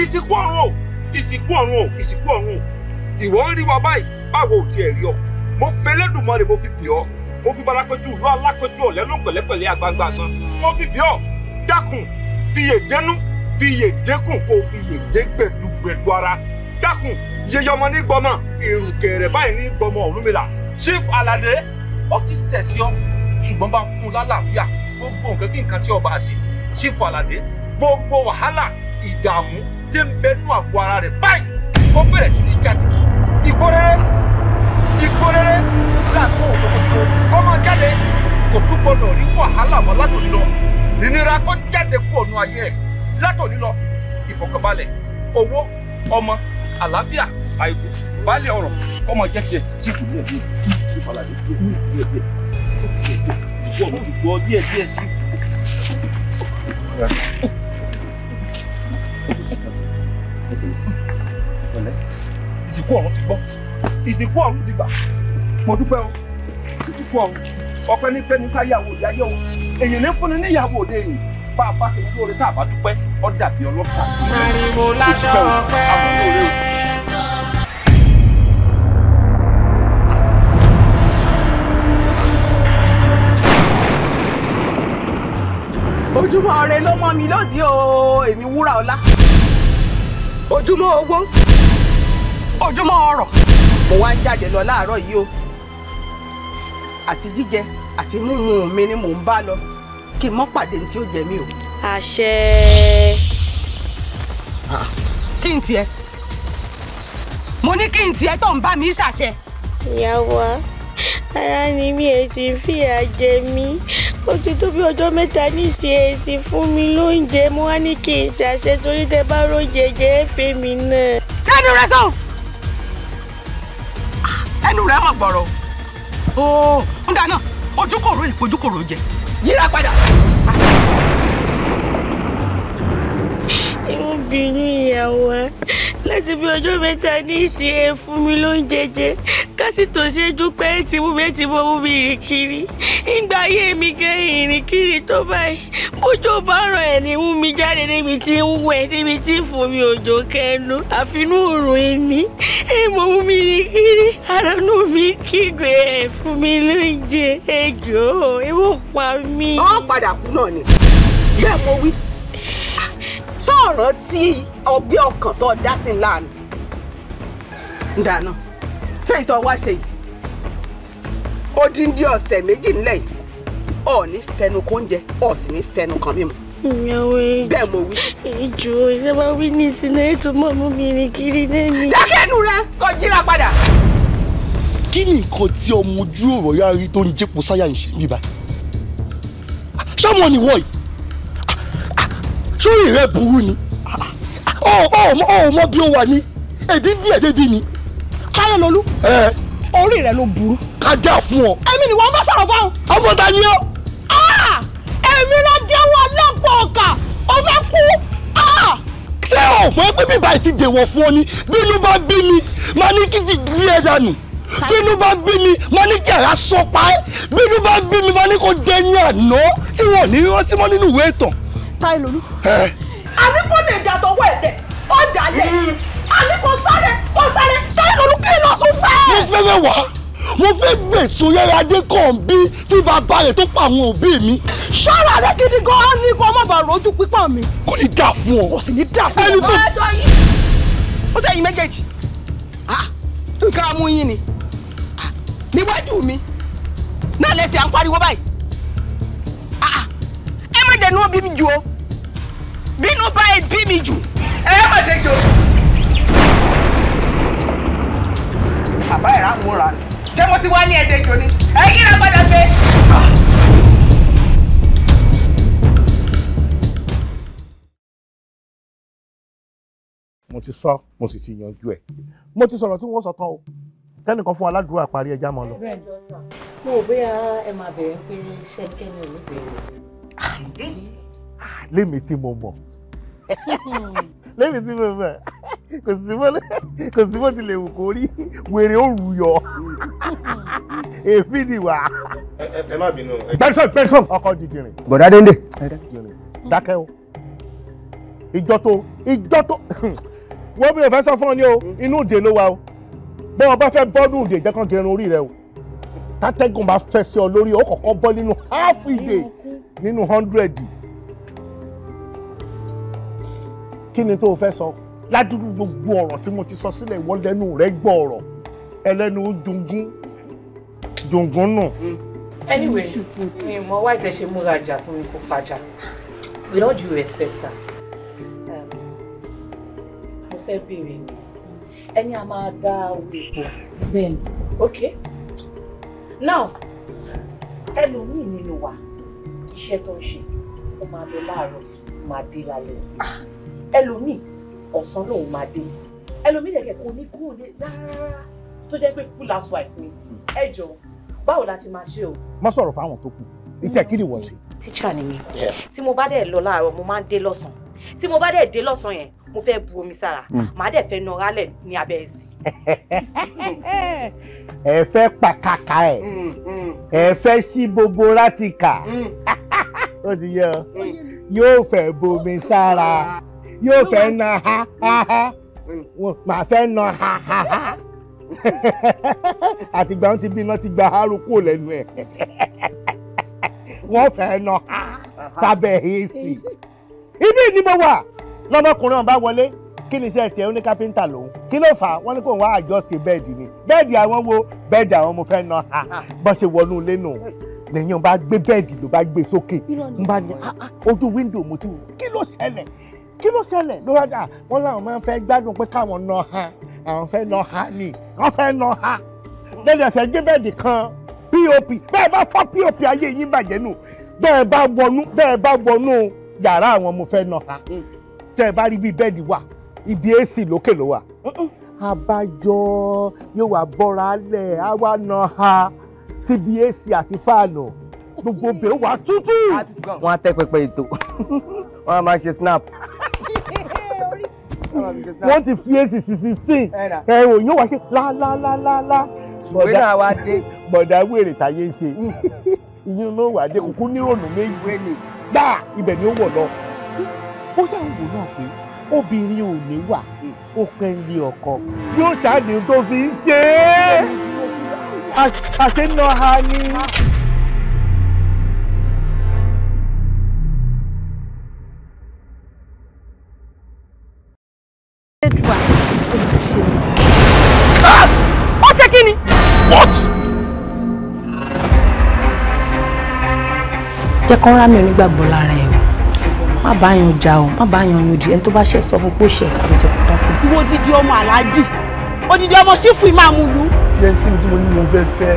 [SPEAKER 3] ìsìnkú ọ̀run o ìsìnkú ọ̀run o ìsìnkú ọ̀run o ìwọ ń rí wa báyìí báwo ò tiẹ̀ rí ọ mo fẹ́ lẹ́dùnmọ́ni mo fi bì ọ́ mo fi balapẹ́jú ìlú alápẹ́jú ọ̀lẹ́nu pẹ̀lẹ́pẹ̀lẹ́ àgbàǹgbà gan mo fi bì ọ́ dákun fiyè dénú fiyè dékùn kó fiyè dé gbẹ̀dúgbẹ̀dú ara dákùn yeyọmọ ní gbọmọ ìrùkẹ̀rẹ̀ báyìí ní gbọmọ Ọ̀rúnmìlà Chief Alade, ọtí sẹ̀sí ọ ṣùgbọ́n bá kún lálàáfíà gbogbo nǹkan kí nǹkan tí ọba ṣe Chief Alade, gbogbo wàhálà ìdààmú tí ń bẹnu àgọ́ ara rẹ̀ báyìí ó bẹ̀rẹ̀ sí ní jáde ìgbó rere ìgbó rere láàgbó òṣogbo tó ọmọ jáde kò tún gbọdọ̀ rí wàhálà mọ́ látòlí lọ ìnira kọjá jáde kúrò nínú ayé ẹ̀ látòní lọ ìfọ̀kànbalẹ̀ owó ọmọ àlàáfíà àìkú baálé ọ̀rọ̀ ọmọ jẹ́ tiẹ̀ tí kò díẹ̀ díẹ̀ tí kò díẹ̀ díẹ̀ díẹ̀ díẹ̀ díẹ̀ díẹ̀ díẹ̀ díẹ̀ sí. ìsìnkú ọ̀run ti gbọ́ ìsìnkú ọ̀run ti gbà mo dúpẹ́ o ìsìnkú ọ̀run ọpẹ́ ní pẹ́ ní káyàwó ìyáyẹ̀wò èyí ní fúnni níyàwó òde yìí bá a bá ṣe ní oore tá a bá dúpẹ́ ó dàbí ọlọ́ṣà.
[SPEAKER 1] ariwo láṣọ ọpẹ́.
[SPEAKER 2] ojúmọ́ ọrẹ ló mọ́ mi lóde o èmi wúrà ọlá ojúmọ́ owó ojúmọ́ ọrọ̀
[SPEAKER 3] mo wá ń jáde lọ láàárọ̀ yìí o àti jíjẹ àti mímu mi ni mò ń bá lọ kí n mọ́ pàdé tí ó jẹ mí o.
[SPEAKER 2] àṣẹ. kí n tiẹ̀ mo ní kí n tiẹ̀ tó ń bá mi ṣàṣẹ. ìyàwó ara ni mi ẹ sì fìyà jẹ mí ó ti tó bí ọjọ́ mẹ́ta nísìí ẹ sì fún mi lóúnjẹ mo wá ní kí n ṣàṣẹ torí tẹ bá róúnjẹ jẹ ẹ fẹ́ mi náà. Ah, ẹnu rẹ sọ ẹnu rẹ hàn gbọrọ o ń dáná ojúkòrò ìpojúkòrò jẹ. 你来快点！ìmúbìnú ìyàwó ẹ láti bí ọjọ́ mẹ́ta ní ìsìn ẹ mi ló ń jẹjẹ kásìtò ṣe dúpẹ́ tí mú mi ti mọ mú mi rìn kiri ìgbà ayé mi gan ìrìn kiri tó báyìí bójú bá ràn ẹ̀ ní mú mi jáde níbi tí ń wẹ̀ níbi tí ń fomi òjò kẹnu àfinú òrùn ẹni ẹ mú mi rìn kiri àránú mi kígbe ẹ mi ló ń jẹ ẹjọ́ ẹ wọ́n pa mí. ó padà kú náà ni bẹ́ẹ̀ mo wí sọ̀rọ̀
[SPEAKER 3] tí ọgbẹ́ ọkàn tó dá sí ńlá ni. ǹdàná tó wá ṣe yìí odindi ọ̀sẹ̀ méjì ńlẹ̀ yìí
[SPEAKER 2] ọ̀ ní fẹnu kó ń jẹ ọ̀ sì ní fẹnu kan mímu. ìyàwó bẹ́ẹ̀ mo wí. ìjò ìjọba wí ní ìsinmi ètò mọ́ mú mi rìn kiri lẹ́nu. dákẹ́nu rẹ kò jíra padà.
[SPEAKER 3] kí ni nǹkan tí ọmọ ojú ọ̀rọ̀ yára rí tó ń jẹ́pọ̀ sáyà ń ṣe níbà? ṣé ọmọ nìwọ yìí? sórí rẹ burú ni ọ ọ mọ bí ó wà ní èdè díẹ̀ débi ni. káyọ̀ lolú. ẹ orí rẹ ló burú. ká dá fún ọ. èmi ni wọn bá sọ̀rọ̀ báwọn. ọmọ ta ni ọ. èmi ló jẹ́wọ́ lọ́pọ̀ ọ̀kà ó fẹ́ kú. ṣé o mọ̀ pé bíbá yìí ti dèwọ̀ fún ọ ni bínú bá bí mi máa ní kí ti di ẹ̀ dànù bínú bá bí mi máa ní kí ẹ̀rá sọ pa ẹ́ bínú bá bí mi máa ní kó dé ní àná tí wọ́n ní rántí mọ́ nínú ìwé ìtàn. Táílolú. àní kò lè dà tọwọ́ ẹ̀ tẹ̀ ó dà yẹ mm. àní kò sáré kò sáré Táílolú kí ló tún fẹ́. mo fẹ́ fẹ́ wá mo fẹ́ gbèsò yẹra Adékànbí tí bàbá rẹ̀ tó pa àwọn òbí mi. ṣọ́ra rẹ gidi gan-an ni kò má bàa rojú pípọ̀ mi. kò ní dà fún ọ. kò sì ní dà fún ọ. ẹni tó ó tẹ̀ yín méjèèjì nǹkan amúyín ni níwájú mi náà lẹ́sẹ̀ à ń pariwo báyìí ẹ má dẹnu ó bí mi jù o bínú báyìí bí mi jù.
[SPEAKER 2] ẹ má dẹjọ. bàbá ẹ̀ ráhùn ó ra ni ṣé mo ti wá ní ẹ̀ẹ́dẹ́jọ ni ẹ yíra padà pé.
[SPEAKER 3] mo ti sọ mo sì ti yanjú ẹ mo ti sọ̀rọ̀ tí wọ́n sọ tán o kẹ́nìkan fún aládùúgbò àparí ẹja mọ́ lọ.
[SPEAKER 2] mo ò bóyá ẹ máa bẹ̀rẹ̀ pé ṣẹ́nikẹ́ni ò ní bẹ̀rẹ̀. Ah, eh?
[SPEAKER 3] lèmi tí mo mọ̀ lèmi tí mo mọ̀ kò sí bó kò sí bó ti lè wù kó rí wèrè ó rù yọ èéfín ìwà. ẹ má bínú. gbẹ́sọ̀n gbẹ́sọ̀n ọkọ̀ dìdìrín. bọ̀dá dénde. dákẹ́ o ìjọ tó ìjọ tó wọ́n bí o fẹ́ sọ fún ọ ní o inú òde ló wà o bọ́n ọba fẹ́ bọ́dún òde jẹ́ kán gẹrun orí rẹ o tátẹ́gùn bá fẹ́ sí ọ lórí o kọ̀ọ̀kan bọ́ nínú half a day nínú hundred. kí ni tó o fẹ́ sọ ládùúgbò gbogbo ọ̀rọ̀ tí mo ti sọ sílẹ̀ ìwọ lẹ́nu rẹ gbọ́ ọ̀rọ̀ ẹlẹ́nu dungun dungun nù.
[SPEAKER 2] anyway mi mọ wáyé tẹ ṣe múra jà fún mi kó fàjà with all due respect sir um, mo fẹ́ béèrè ni ẹni a máa dá owó epo bẹ́ẹ̀ ni ok now ẹlòmíì nínú wa iṣẹ́ tó ń ṣe ó máa lọ láàárọ̀ máa dé lálẹ́. Ah, ẹlòmíì
[SPEAKER 3] ọ̀sán lòun máa dé
[SPEAKER 2] ẹlòmíì dẹ̀kẹ̀ kò ní kúrò ní rárá tó jẹ́ pé full house wife ni ẹ jọ báwo la ṣe máa ṣe o.
[SPEAKER 3] má sọ̀rọ̀ fáwọn tó kù iṣẹ́ kí ni wọ́n ṣe. tíṣà ni mi
[SPEAKER 2] tí mo bá dẹ̀ lọ láàárọ̀ mo máa ń dé lọ́sàn-án tí mo bá dẹ̀ dé lọ́sàn-án yẹn mo fẹ́ bu omi sára hmm. màá dẹ̀ fẹ́ nọra lẹ̀ ní abẹ́ ẹ̀sìn.
[SPEAKER 3] <laughs> ẹ fẹ́ pàkàkà ẹ̀
[SPEAKER 2] hmm, hmm.
[SPEAKER 3] ẹ fẹ́ sí gbogbo láti kà <laughs> ó ti yẹ yóò fẹ́ bomi sára
[SPEAKER 2] yóò fẹ́ na
[SPEAKER 3] ha ha ha màá fẹ́ na ha ha ha <laughs> àtìgbà wọn ti bí ti gba aró kúrò lẹ́nu ẹ̀ wọ́n fẹ́ na ha sábẹ́ èsì ibi ni mo wà lọ́mọkùnrin ọ̀bá wọlé kí ni iṣẹ́ tiẹ̀ ó ní kápẹ́ńtà lòun kí ló fà á wọ́n ní kó wá àjọṣe bẹ́ẹ̀dì ni bẹ́ẹ̀dì àwọn wo bẹ́ẹ̀dì àwọn mo fẹ́ na ha ah. bọ́ ṣe wọnú ilé nù lẹ́yìn ọba gbé bẹ́ẹ̀dì ló bá gbé sókè n bá ní ah, ah, ojú wíńdò mo ti wò kí ló ṣẹlẹ̀ kí ló ṣẹlẹ̀ ló wá dà wọ́n làwọn máa ń fẹ́ gbádùn pé káwọn nà ha àwọn fẹ́ nà ha ni wọ́n fẹ́ nà ha lẹ́yìn ẹ̀fẹ́ gbé bẹ́ẹ̀dì kan pop bẹ́ẹ̀ bá fọ́ pop ayé yín bàjẹ́ nù bẹ́ẹ̀ bá wọnú bẹ́ẹ̀ bá wọnú yàrá àwọn ọmọ fẹ́ nà ha tẹ́ ẹ bá rí bí bẹ́ẹ̀dì wà ibi ac lókè ló wà abájọ yóò wá bọ́ra lẹ̀ á wá nà ha síbi ac àti fáànù gbogbo bẹ́ẹ̀ wà tútù.
[SPEAKER 1] wọ́n á tẹ́ pẹpẹ ètò. wọ́n á máa ṣe snap
[SPEAKER 2] wọ́n ti
[SPEAKER 3] fi èsì sí sixteen ẹ̀rọ yóò wá ṣe lálálálá. ìwé Bọ̀dá wá dé. táyé ṣe yìí náà wà dé kúkú nírònú méjì gbà ibẹ̀ ni ó wọ̀ lọ. ó ṣàwòrán náà pé obìnrin ò ní hmm. ó pẹ́ ń lé ọkọ yóò ṣáà tó fi ṣe é
[SPEAKER 2] hmm. àṣẹ náà ha ni. Ah. jẹ́ kán rámì onígbàgbọ́ lára ẹ̀ má bá yan ọjà o má bá yan ọyàn òdì ẹni tó bá ṣe sọ fún pé ó ṣe kò jẹ́ kó tán sí.
[SPEAKER 3] ìwọ odidi ọmọ aláàjì odidi ọmọ sífù ìmáàmù ìlú. yẹn sí mi tí mo ní mo fẹ́ fẹ́.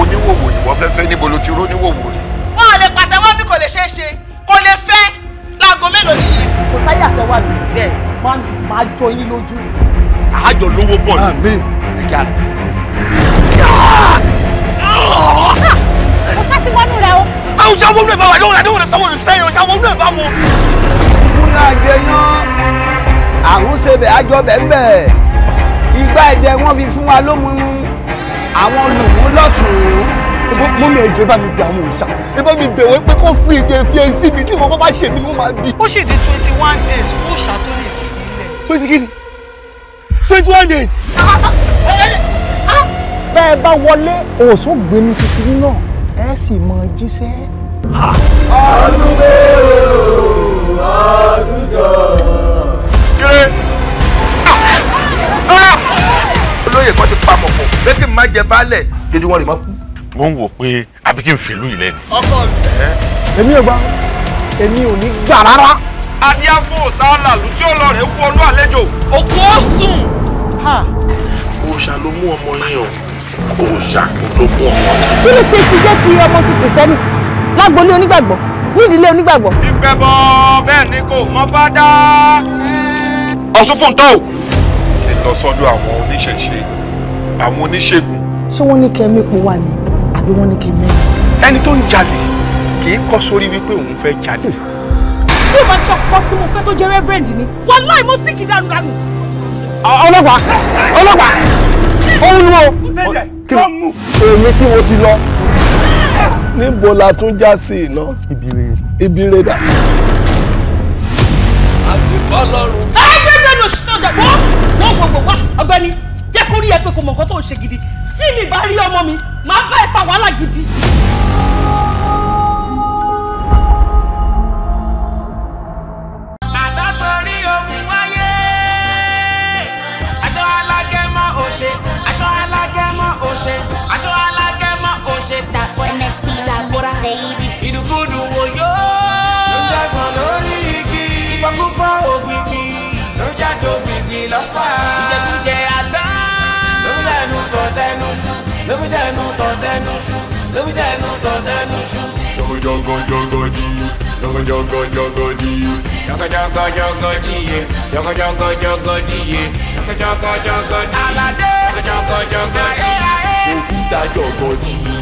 [SPEAKER 3] oníwòwò ìwọ fẹ́ fẹ́ níbo ló ti ró níwòwò rẹ̀. wọn ò lè pàtẹ́wọ́ bí kò lè ṣeé ṣe kò lè fẹ́ láago mélòó nìyí. kò sáyà àtẹwà mi bẹ́ẹ̀ máa jọ yín lójú. àájọ lówó bọ̀ ní.
[SPEAKER 2] mo
[SPEAKER 1] ṣá ti rẹ o. No, y'all won't live. I don't. I don't understand what you're saying. Y'all won't live. I won't. Múná jẹyán,
[SPEAKER 3] àrùn ṣebẹ̀
[SPEAKER 1] àjọ bẹ́ẹ̀nbẹ́. Igbá ẹ̀jẹ̀ wọ́n fi
[SPEAKER 3] fún wa lómú àwọn lùmú lọ́tùn. Mú mi ẹ̀jẹ̀ bá mi bẹ àwọn òòṣà. Ẹ bá mi bẹ̀ wọ́n pé kó fún ìdè fi ẹ̀sí mi tí kòkó bá ṣe mí ni wọ́n máa bí. Ó ṣe di
[SPEAKER 2] twenty one days kó ṣàtó lè fi
[SPEAKER 3] ilẹ̀. Twenty kí ni? days. Ah! Bẹ́ẹ̀ bá wọlé, òṣùgbìn tuntun náà, ẹ sì mọ jíṣẹ́
[SPEAKER 2] ọdún mélòó ọdún dán.
[SPEAKER 3] kílé olóyè kan ti pa mọ̀pọ̀ pé kí n má jẹ baálẹ̀ dédé wọn lè má kú. mo ń wò pé àbí kí n fèlú yìí lẹ́nu.
[SPEAKER 2] ọkọ rẹ.
[SPEAKER 3] èmi ò gbà èmi ò ní gbà rárá. adiafo sàálà lùtí ọlọrẹ wọnú àlejò òkú ó òòṣà ló mú ọmọ yẹn o òòṣà ló mú ọmọ yẹn. kí ló ṣe ti jẹ́ ti ọmọ ti kìrìsìtẹ́nì lágbolé onígbàgbọ́ nídìílé onígbàgbọ́. ìgbẹ́bọ bẹ́ẹ̀ ni kò mọ fádá. ọ̀sùn fún tọ́ ò. ṣe lọ sọ́dọ̀ àwọn oníṣẹ̀ṣe àwọn oníṣègùn. ṣé wọ́n ní kẹ́mi pò wà ní àbí wọ́n ní kẹ́mi. ẹni tó ń jalè kì í kọ́ sórí wípé òun fẹ́ jalè. bí ìwà ṣọkọ tí mo fẹ́ tó jẹ́ rẹ́bẹ̀rẹ̀ndì ni wọ́n láì
[SPEAKER 2] mọ́ síkì dànù dànù. ọlọ́pàá ọlọ́pàá òun ni o.
[SPEAKER 3] èmi tí mo ti lọ níbo la tún já sí iná. ibi rere. ibi rere dà.
[SPEAKER 2] ẹ
[SPEAKER 3] gbé bẹ́ẹ̀ lọ sí ọ̀dà wọ́n wọ́n gbogbo wá ọ̀gbẹ́ni jẹ́ kó rí ẹ kò mọ̀ nǹkan tó ń ṣe gidi
[SPEAKER 2] tí mi bá rí ọmọ mi màá bá ẹ fa wàhálà gidi.
[SPEAKER 1] baby. ìdúkúdù wo yó. ló dàgbọ̀n lórí igi. ìfọkúfọ́ ògbìgbì. ló jáde ògbìgbì lọ́fà. ìjẹkújẹ àgbà. ló fi dẹnu tọ̀ tẹnu ṣu. ló fi dẹnu tọ̀ tẹnu ṣu. ló fi dẹnu tọ̀ tẹnu ṣu.
[SPEAKER 2] jọgọjọgọjọgọdì
[SPEAKER 1] jọgọjọgọjọgọdì. jọgọjọgọjọgọdìye jọgọjọgọjọgọdìye jọgọjọgọjọgọdì. aládé jọgọjọgọjọgọdì. òkúta jọgọdì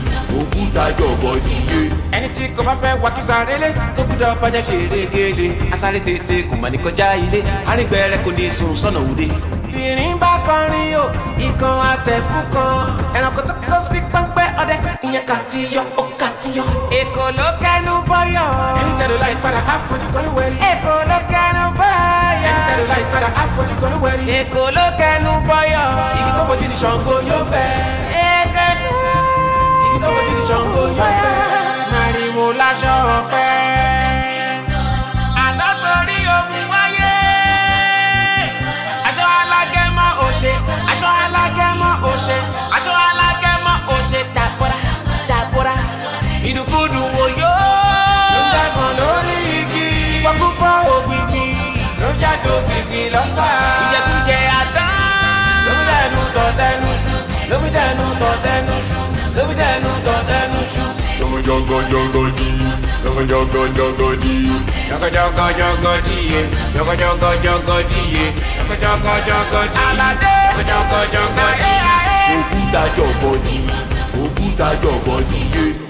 [SPEAKER 1] tájọ bọ síyé. ẹni tí kò bá fẹ́ wá kí sárélé tó gbúdọ̀ bàjẹ́ ṣe régéle asáré tètè kò mà ní kọjá ilé arígbẹ̀rẹ̀ kò ní sùn sọ́nà òde. ìrìn bá kọrin o ikán àtẹ̀fún kan ẹranko tó tó sí pọ́npẹ́ ọdẹ ìyẹn kà ti yọ ó kà ti yọ. èkó ló kẹnu bọ́yọ̀. ẹni tẹ̀lé láì padà àfojú kan ló wẹ̀rí. èkó ló kẹnu bọ́yọ̀. ẹni tẹ̀lé láì padà àfojú kan ló wẹ̀rí. èkó ló kẹnu bọ́yọ̀. ibi tó fojú ni Ṣàngó yóò bẹ̀ tó fojú di Ṣàngó yọ̀ọ̀kẹ́. Màrìwò láṣọ ọ̀pẹ. jungle jungle deep, jungle jungle jungle deep, jungle jungle jungle deep, jungle jungle jungle deep, jungle jungle jungle deep, jungle jungle jungle deep. Òkúta jọ̀bọ̀ ni, òkúta jọ̀bọ̀ ni yé.